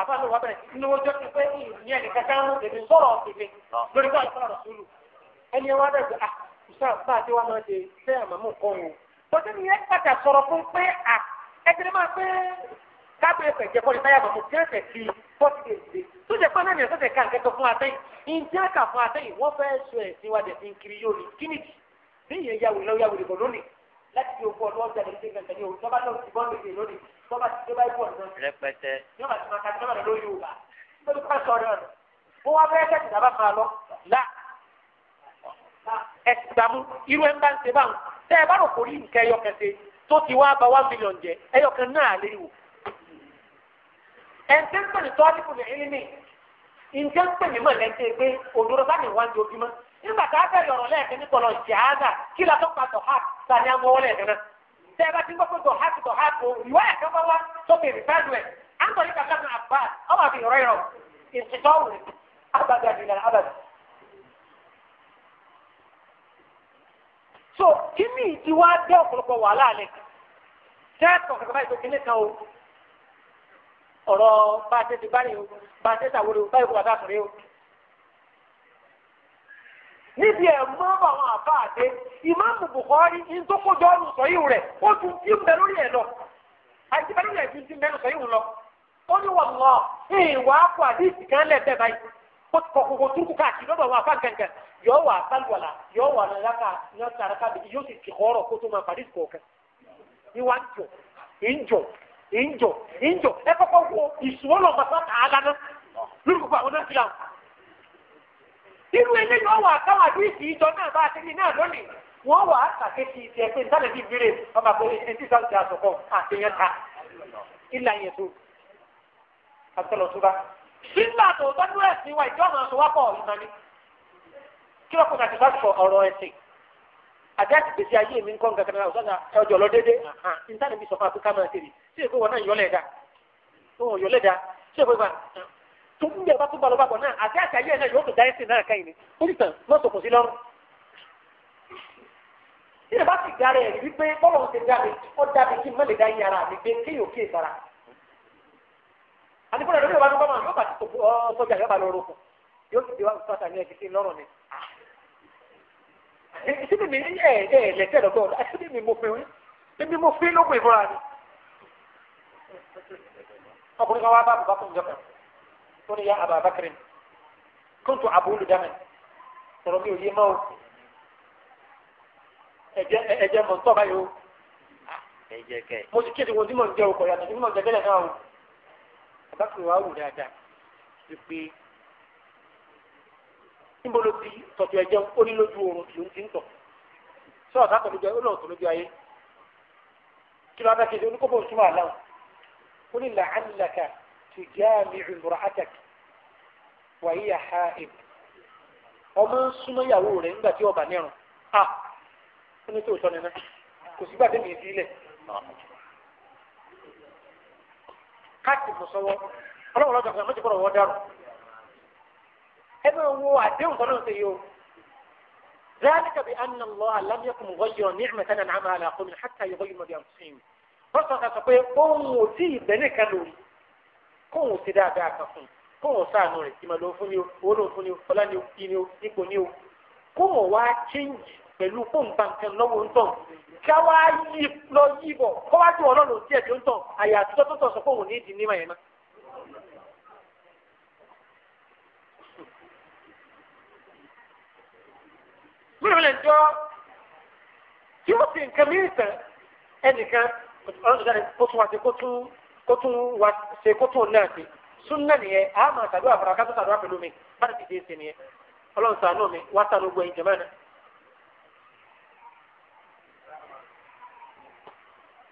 àbá ló wà bẹ̀rẹ̀ ní owó jọ́ pé ìyẹn nìkan kan ń tèmi sọ̀rọ̀ tèmi lórí bá ìfọ̀rọ̀ sólù ẹni ẹ wá dẹ̀ pé ah ìṣàpá àti wá máa ṣe fẹ́ àmàmù kọ́ wọn tọ́jú ni yẹn pàtà sọ̀rọ̀ fún pé à ẹgbẹ́rẹ́ máa pé káàbọ̀ ẹ̀fẹ̀ jẹ́ bọ́ọ̀lù táyà bọ̀ mo kí ẹ̀fẹ̀ fi bọ́ọ̀lù dé dé tó jẹ́ pé náà ẹ̀fẹ̀ ká nkẹ́kọ̀ọ́ fún atẹ́yìn ǹjẹ́ àkà fún atẹ́yìn wọ́n fẹ́ sọ ẹ̀sìn wa dẹ̀ fi ń kiri yóò ní kí nìdí bí ìyẹn yàwó lọ́wọ́ yàwó ìbọn lónìí láti fi ogún ọdún ọjà lóṣù kẹta ní òun tọ́ba lọ sí bọ́ọ̀lù èdè lónìí tọ́ba ti dé báyìí bọ́ọ̀lù náà. rẹpẹtẹ. yóò máa ti máa ka tọ́ba lórí yorùbá nítorí tẹ́ ẹ bá rò kò rí nǹkan tó ti wá ba one million jẹ ẹyọ náà lè wò. ẹ̀ǹtẹ́ ń pè ní tọ́lípù ní ìlímì ǹjẹ́ ń pè ní mọ̀ lẹ́ńtẹ́ pé òdòdó bá ní wá ní ojúmọ́ nígbà tá a lẹ́ẹ̀kẹ́ kí la ni náà. ẹ bá ti gbọ́ pé o ìwé ẹ̀kẹ́ bá wá tó fi fẹ́ẹ́ lu ẹ̀ so kíní ìdí wa dé ọ̀pọ̀lọpọ̀ wàhálà alẹ́ kan tẹ́ẹ̀tọ̀ kankan báyìí tó kíní kan o ọ̀rọ̀ bá a ṣe ti bá nìyó bá a ṣe ṣàwòrán báyìí kó bàbá àtúnrẹ́ o. níbi ẹ̀ mọ́ àwọn àbá àdé ìmáàmù Bukhari ní tó kójọ ọ̀rùn sọ́yìn rẹ̀ ó tún tí ń bẹ lórí ẹ̀ lọ àti bẹ lórí ẹ̀ tún tí ń bẹ lórí sọ́yìn lọ ó ní wọ́n kọkọkọ turuku káàkiri lọ́dọ̀ wọn afa gẹngẹ yọ wà sálùwàlà yọ wà nàlàkà nàlàkà bìbí yóò sì ti kọrọ kótó e ma fàdí kọ̀ọ̀kan ni wà ń jọ ń jọ ń jọ ń jọ ẹ kọ́kọ́ wọ ìṣòwò lọ bàtà àlà náà lórí gbogbo àwọn náà ti la wọn. nínú ilé yọ wà káwọn àdúrísì ìjọ náà bá a ti ní náà lónìí wọn wà á sàkéjì ìtì ẹgbẹ nítorí ti bèrè ọba pé ẹni tí sáà ti àsọkọ àti yẹn ta ìlànà yẹn tó tuba. sígbà tó tọ́jú ẹ̀sìn wa ìjọ máa sọwọ́ ìmọ̀ ni kí ló kó kàtí ọ̀rọ̀ ẹ̀sìn àti àti ayé mi ń kọ́ nǹkan náà ọ̀sán lọ àfikà máa sí èkó wọn náà yọ lẹ́ẹ̀dá wọn yọ lẹ́ẹ̀dá sí èkó wọn tó ń bẹ̀ bá balọ̀ bàbọ̀ náà àti ayé náà yóò tó dá ẹ̀sìn náà káyìn sí lọ́rùn. àdìpọ̀ lọ́dún yóò bá dúpọ̀ máa yóò bá tó sọ́jà yóò bá lọ rọ́ọ̀kù yóò sì wá sọ́jà ní ẹ̀kí sí lọ́rùn ni. Ah. síbi mi ẹ ẹ lẹ́tẹ̀ lọ́gbọ̀n ọ̀dọ́ síbi mi mo fẹ́ wí níbi mo fẹ́ lókun ìfúnra ni. ọkùnrin kan wá bá bàbá fún ìjọba tó ní ya àbá abákẹ́rẹ́ kóńtù àbúrò dámẹ́ sọ̀rọ̀ mi ò yé mọ́ o ẹ̀jẹ̀ ẹ̀jẹ̀ mọ̀ ń tọ́ báyìí o ah, mo sì kéde wọn tí mò ń jẹ́ o kọ̀ yàtọ̀ tí mò ń jẹ́ tẹ́lẹ̀ àbúbákùn wa wù dáadáa wípé níbo ló ti tọ̀tù ẹ̀jẹ̀ ó oorun kì ti ń tọ̀ ọ̀tá lójú ayé ó lọ́ọ̀ tọ̀ lójú ayé kí ló adákejì oníkóbó òtúmọ̀ àláwọ̀ ó ní làálàkà tujami'u imra'atak wa hiya ha'ib ọmọ ń súnmọ́ ìyàwó rẹ̀ nígbà tí ọba nírun a ah! ó ní tòótọ́ nínú kò sígbà káàkiri mú sọ́wọ́ ọlọ́run lọ́jọ́ kan mọ́tò kọ́rọ̀ wọ́n dàrú. ẹ máa wo àdéhùn tọ́lọ́ ń ṣe yìí o. ذلك بأن الله لم يكن مغيرا نعمة أنعمها على قوم حتى يغيروا بأنفسهم. bọ́sọ̀ ká sọ pé òun ò tí ì bẹ̀rẹ̀ kan lórí kóun ti dáadáa kan fún kóun sáànù rẹ̀ ìmọ̀lẹ́ òfun ni o owó lòun fún ni o ọlá ni o ìní o ipò ni o kóun wá change pẹ̀lú fóńgbà nǹkan lọ́wọ́ ń tọ̀ kí a wá yí lọ yí bọ̀ kó wá tí wọn lọ́nà òjì ẹ̀dẹ̀ ń tọ̀ àyà àtijọ́ tó tọ̀ sọ fóun ní ìdí nímọ̀ yẹn náà. mílíọ̀nù lè jọ tí ó fi nǹkan mìíràn tẹ̀ ẹnìkan ọlọ́dọ̀dá kó tún wá sí kó tún wá sí kó tún náà sí súnà nìyẹn àmọ́ àtàdúrà fara kátó àtàdúrà pẹ̀lú mi bá ti dé sí nìyẹn ọlọ́run sànú mi wá sànú gbẹ̀yìn jẹ̀mọ́ náà.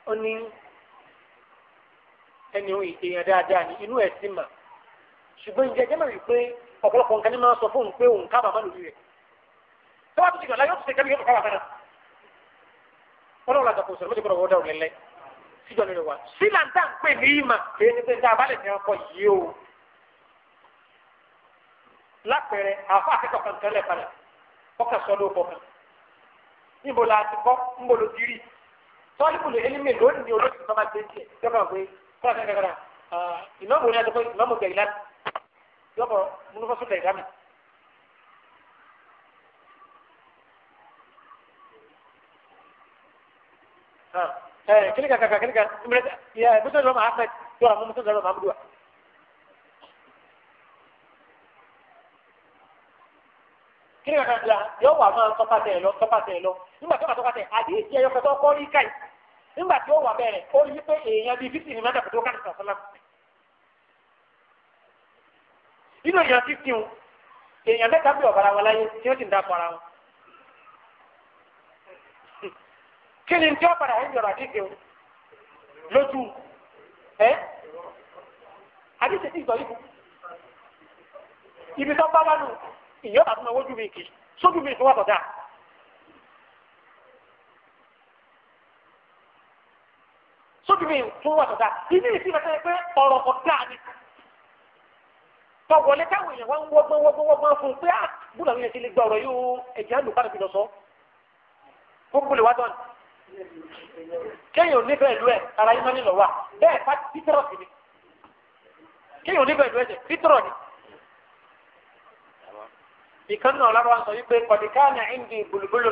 ó ní ẹni ohun èèyàn dáadáa ní inú ẹ̀ sì mà ṣùgbọ́n ìjẹ́ jẹ́ mẹ́rin pé ọ̀pọ̀lọpọ̀ nǹkan ní máa sọ fóun pé òun kábàámọ̀ lórí rẹ̀ tó bá tó ti gbà láyé ó ti ṣe kẹ́mi yóò kábàámọ̀ náà ọlọ́run àtàkùn sọ̀rọ̀ méjì gbọ́dọ̀ wọ́n dáhùn lẹ́lẹ́ síjọ́ nílẹ̀ wa sílà ń tà ń pè ní ìmà èyí ni pé dá abálẹ̀ ní ọkọ̀ yìí o lápẹẹrẹ àfa akẹ́kọ̀ọ́ kan tẹ́lẹ̀ padà ọkà sọ́dọ̀ ọkọ̀ kan níbo la ti kọ́ níbo lo ti rí tọ́lùkù lè ẹni mi lónìí olóṣù tó bá gbé tiẹ̀ yọkọ̀ gbé kọ́ra ìmọ̀mù ní adókòó ìmọ̀mù gbẹ̀ ìlànà yọkọ̀ múnufọ́sọ lẹ̀ ìdáná. kílíkà kàkà kílíkà mùsùlùmí lọ́mọ ahmed yọ̀ọ́ mú mùsùlùmí lọ́mọ amúdùwà. kílíkà kàkà yọ̀ọ́ wà máa tọ́pàtẹ̀ lọ tọ́pàtẹ̀ lọ nígbà tó bá tọ́pàtẹ̀ àdéhìí ẹ̀yọ́kọ̀ tó kọ́ rí káyìí. nígbà tí ó wà bẹ̀rẹ̀ ó rí pé èèyàn bíi fífi ní mẹ́ta pẹ̀lú káàdì sàṣálà nínú èèyàn fífi wọn èèyàn mẹ́ta bí ọ̀bàrà wọn láyé tí ó sì ń dàpọ̀ ara wọn. kí ni tí ó padà ń jọ̀rọ̀ àdìsẹ́ o lójú ẹ́ àdìsẹ́ ti gbọ́ yìí ibi tó bá wà nù ìyọ́ mi kì sójú mi ìfowópamọ́ dáa. sójú mi tún wà tọ́ta ìdí ìsìn bàtà yẹn pé ọ̀rọ̀ ọ̀tá ni tọ̀wọ̀lẹ́ káwọn èèyàn wọn wọ́gbọ́n wọ́gbọ́n wọ́gbọ́n fún un pé ah, bùnà mi lè ti lè gbọ́ ọ̀rọ̀ yóò ẹ̀jẹ̀ á lò bá lọ́sọ̀ fún kúlẹ̀ wá dán kéèyàn níbẹ̀ ìlú ẹ̀ ara yín mọ́ni lọ bẹ́ẹ̀ fa pítọ́rọ̀ sí ni kéèyàn níbẹ̀ ìlú ẹ̀ jẹ́ pítọ́rọ̀ ni. ìkànnì ọ̀làbọ̀ sọ wípé kọ̀díkà ní ẹ̀ ń di bùlùbùlù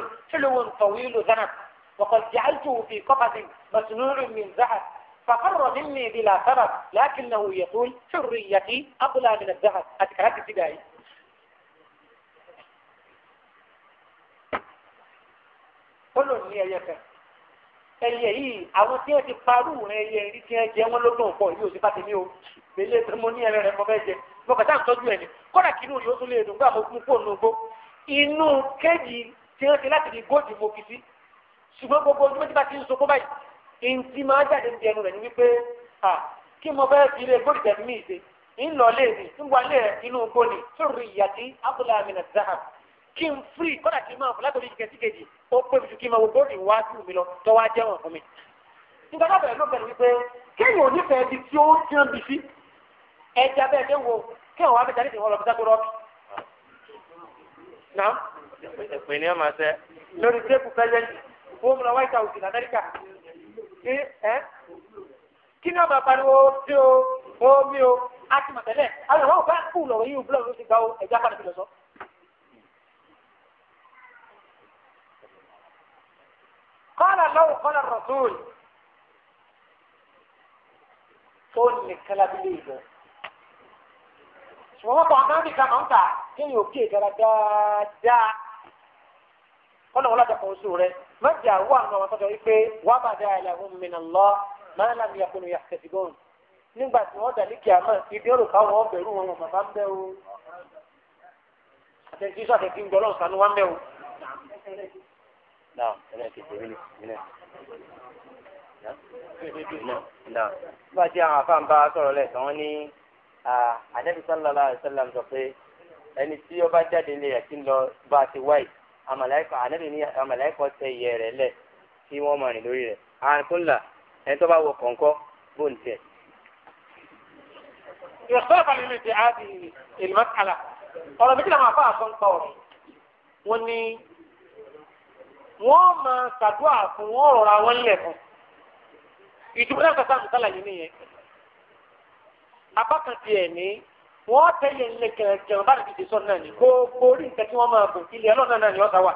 وقد جعلته في قفص مصنوع من ذهب فقر مني بلا سبب لكنه يقول حريتي أغلى من الذهب أتكهد ابتدائي قل لي أيك ẹyẹ yìí àwọn tí ẹ ti parú ẹyẹ rí tí ẹ jẹ wọn lọdún ọ̀pọ̀ yìí ò sí pàtẹ mi o gbélé tó mo ní ẹrẹ rẹ mo fẹ́ jẹ mo kàtà ń tọ́jú ẹ ní kódà kí inú yóò tún lè dùn gbà mo mú fóònù gbó inú kéjì tí wọn ti láti di góòdì mo fi sí ṣùgbọ́n gbogbo ojúmọ́ tí bá ti ń sunkún báyìí ntí máa jáde ní ẹnu rẹ̀ ni wípé à kí mo bẹ́ẹ̀ fi ilé gbòdì tẹ̀mí mi ṣe ń lọ lé mi ń wà lé inú igbó ni sórí ìyàtí abúlámìnà zahab kí n firi kọ́dà kí n máa fọlá torí kẹsí kejì ó pé mi ju kí n máa wo gbòdì wá sí mi lọ tó wá jẹ́ wọn fún mi. nígbà tó bẹ̀rẹ̀ ló bẹ̀rẹ̀ wípé kéèyàn ò nífẹ̀ẹ́ ibi tí ó jẹun bì sí ẹja bẹ́ẹ̀ dé wo kéèyàn wá bẹ̀rẹ̀ tẹ̀wọ́ lọ bí sáko rọ́ọ̀kì. náà ìpínlẹ̀ máa ṣe lórí tẹ́kù pẹ́lẹ́ntì òun lọ white house ní amẹ́ríkà kí ni ọba pariwo tí o omi o a ti mọ̀ tẹ́lẹ̀ àwọn ọ̀rọ̀ òfin kù lọ̀rọ̀ yìí búlọ̀ ló ti gba ẹ̀já padà sílẹ̀ sọ. kọ́lá lọ́wọ́ kọ́lá rọ̀tún tó nìkan lábílẹ̀ ìbọn ṣùgbọ́n kọ́ ọ̀gá mi kan máa ń ta kéèyàn òkè dáradára kọ́lá wọn lájà kan oṣù rẹ̀ mẹ́jọ àwọn àwọn ọmọ sọ́jọ́ wípé wàá bàdá àlàhùn mìíràn lọ máa ń làmì yàkùnú yàtẹ̀sígọ́n nígbà tí wọ́n dàlí kìámà ibi ọ̀rọ̀ káwọn ọ̀bẹ̀rù wọn wọn bàbá ń bẹ́ o àtẹ̀sí sọ àtẹ̀sí ń gbọ́lọ́ sànú wá ń bẹ́ o. nígbà tí àwọn afáàn bá sọ̀rọ̀ lẹ́sàn wọ́n ní àdẹ́bí sálọ́lá àdẹ́sálàm sọ pé ẹni tí ó bá jáde lè yà kí ń lọ bá a ti wáyé àmàlẹ́kọ̀ ànábì ní àmàlẹ́kọ̀ tẹ ìyẹ́ rẹ̀ lẹ̀ tí wọ́n máa rìn lórí rẹ̀ àǹkólà ẹni tó bá wọ kọ̀ǹkọ́ bó ń tẹ̀. ìrọ̀sọ́ọ̀fà mi lè ti àdì ìlmọ́kàlà ọ̀rọ̀ méjì làwọn afá àtọ́ ń pa ọ̀rọ̀ wọn ni wọ́n máa ṣàdúrà fún wọ́n rọra wọn lẹ̀ fún ìdúgbò náà kọ́sà mùsàlà yìí nìyẹn apá kan tiẹ̀ ní wọ́n tẹ̀lé ilé kẹ̀kẹ́ ọba àti ìdè sọ́nà ni gbogbo orí nǹkan tí wọ́n máa bò ilé ọlọ́nà náà ni ọ̀sà wà.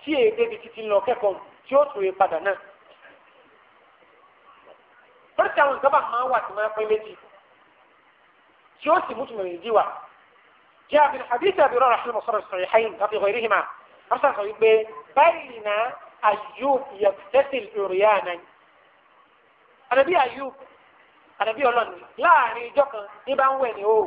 tí èdè bi títí lọ kẹ́kọ̀ọ́ tí ó tún padà náà. pẹ́ẹ́tì àwọn nǹkan bá máa wà tí máa pín méjì tí ó sì mú tùmọ̀ èdè jẹ́ àbí àdìsí àbí rọ̀rọ̀ àṣírí mọ̀sọ́rọ̀ sọ̀rọ̀ ìhàyìn àti ìwọ̀ ìrìhìmà àbúṣà sọ wípé báyìí náà àdàbí ọlọ́ni láàrin ìjọ kan ní bá ń wẹ̀ ní o.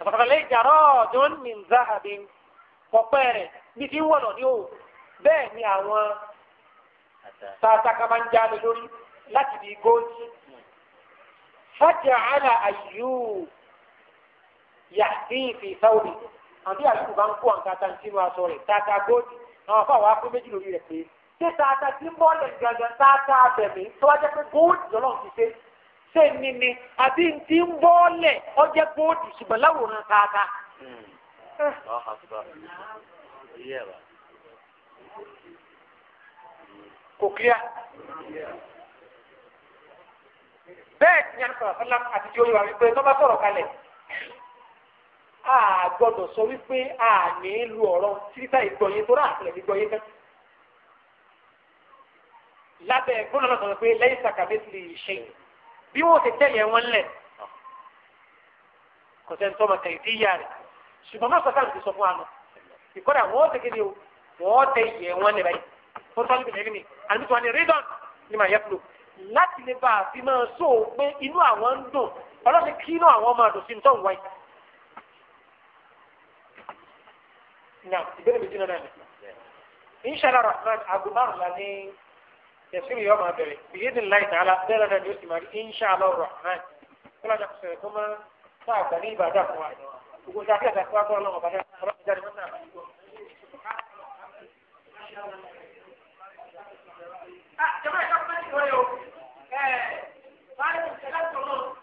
àpàtàkàlẹ̀ ìjàrọ̀ ọ̀dún ní nzáhàbí pọ̀pẹ́ rẹ̀ bí ti ń wọ̀lọ̀ ní o bẹ́ẹ̀ ni àwọn sàtàkàmájáde lórí láti di góòtì. fájàánà àyù yàtí fi sáwùrì àbí àlùkò bá ń kó àǹkà tán sínú aṣọ rẹ̀ tàtà góòtì àwọn afọ àwọn akó méjì lórí rẹ̀ pé ṣé tata tí mọ́lẹ̀ gangan tata abẹ̀mí tó wájẹ́ pé góòdù lọ́lọ́ ti ṣe ṣé ní ni àbí ti ń bọ́ọ̀lẹ̀ ọjẹ́ góòdù ṣùgbọ́n láwòrán tata. kò kíá bẹ́ẹ̀ ni àná sọ̀rọ̀ fẹ́lá àti tí ó yọ àwọn ìpè tó bá sọ̀rọ̀ kalẹ̀ a gbọ́dọ̀ sọ wípé a ní lu ọ̀rọ̀ títà ìgbọ̀nyìn tó rà àtìlẹ́yìn ìgbọ̀nyìn kan lábẹ́ gbọ́dọ̀ náà sọ̀rọ̀ pé lẹ́yìn sàkàbẹ́sì ṣe bí wọ́n ti tẹ̀lé wọn lẹ̀ kò sẹ́ni tó ma tẹ̀yìn tí yá rẹ̀ ṣùgbọ́n má sọ́kà lùdí sọ fún wa nù ìkọ́dà wọ́n ti kéde o wọ́n tẹ ìyẹ̀ wọn lẹ̀ báyìí ó sọ́ni bìnrin mi àti tí wọ́n ní rídọ̀n ni màá yẹ fúlò láti lè bá a fi máa sọ pé inú àwọn ń dùn ọlọ́sìn kí inú àwọn máa dùn sí ní tọ́hún wáyé na ìbéèrè méjì náà nìyí. inshàlá rahman aago márùnlá ní tẹ̀síìrì yóò máa bẹ̀rẹ̀ bìyẹ́ ní láì tààlà bẹ́ẹ̀ náà ni ó sì máa rí inshàlá rahman kó lájà kò sọ̀rọ̀ kó máa fún àgbà ní ìbàdàn fún wa. gbogbo ìjà kí ẹ̀ka kó wá kọ́ ọlọ́run ọ̀bàdàn Ah, jama'a, jama'a, jama'a, eh, bayan da kalato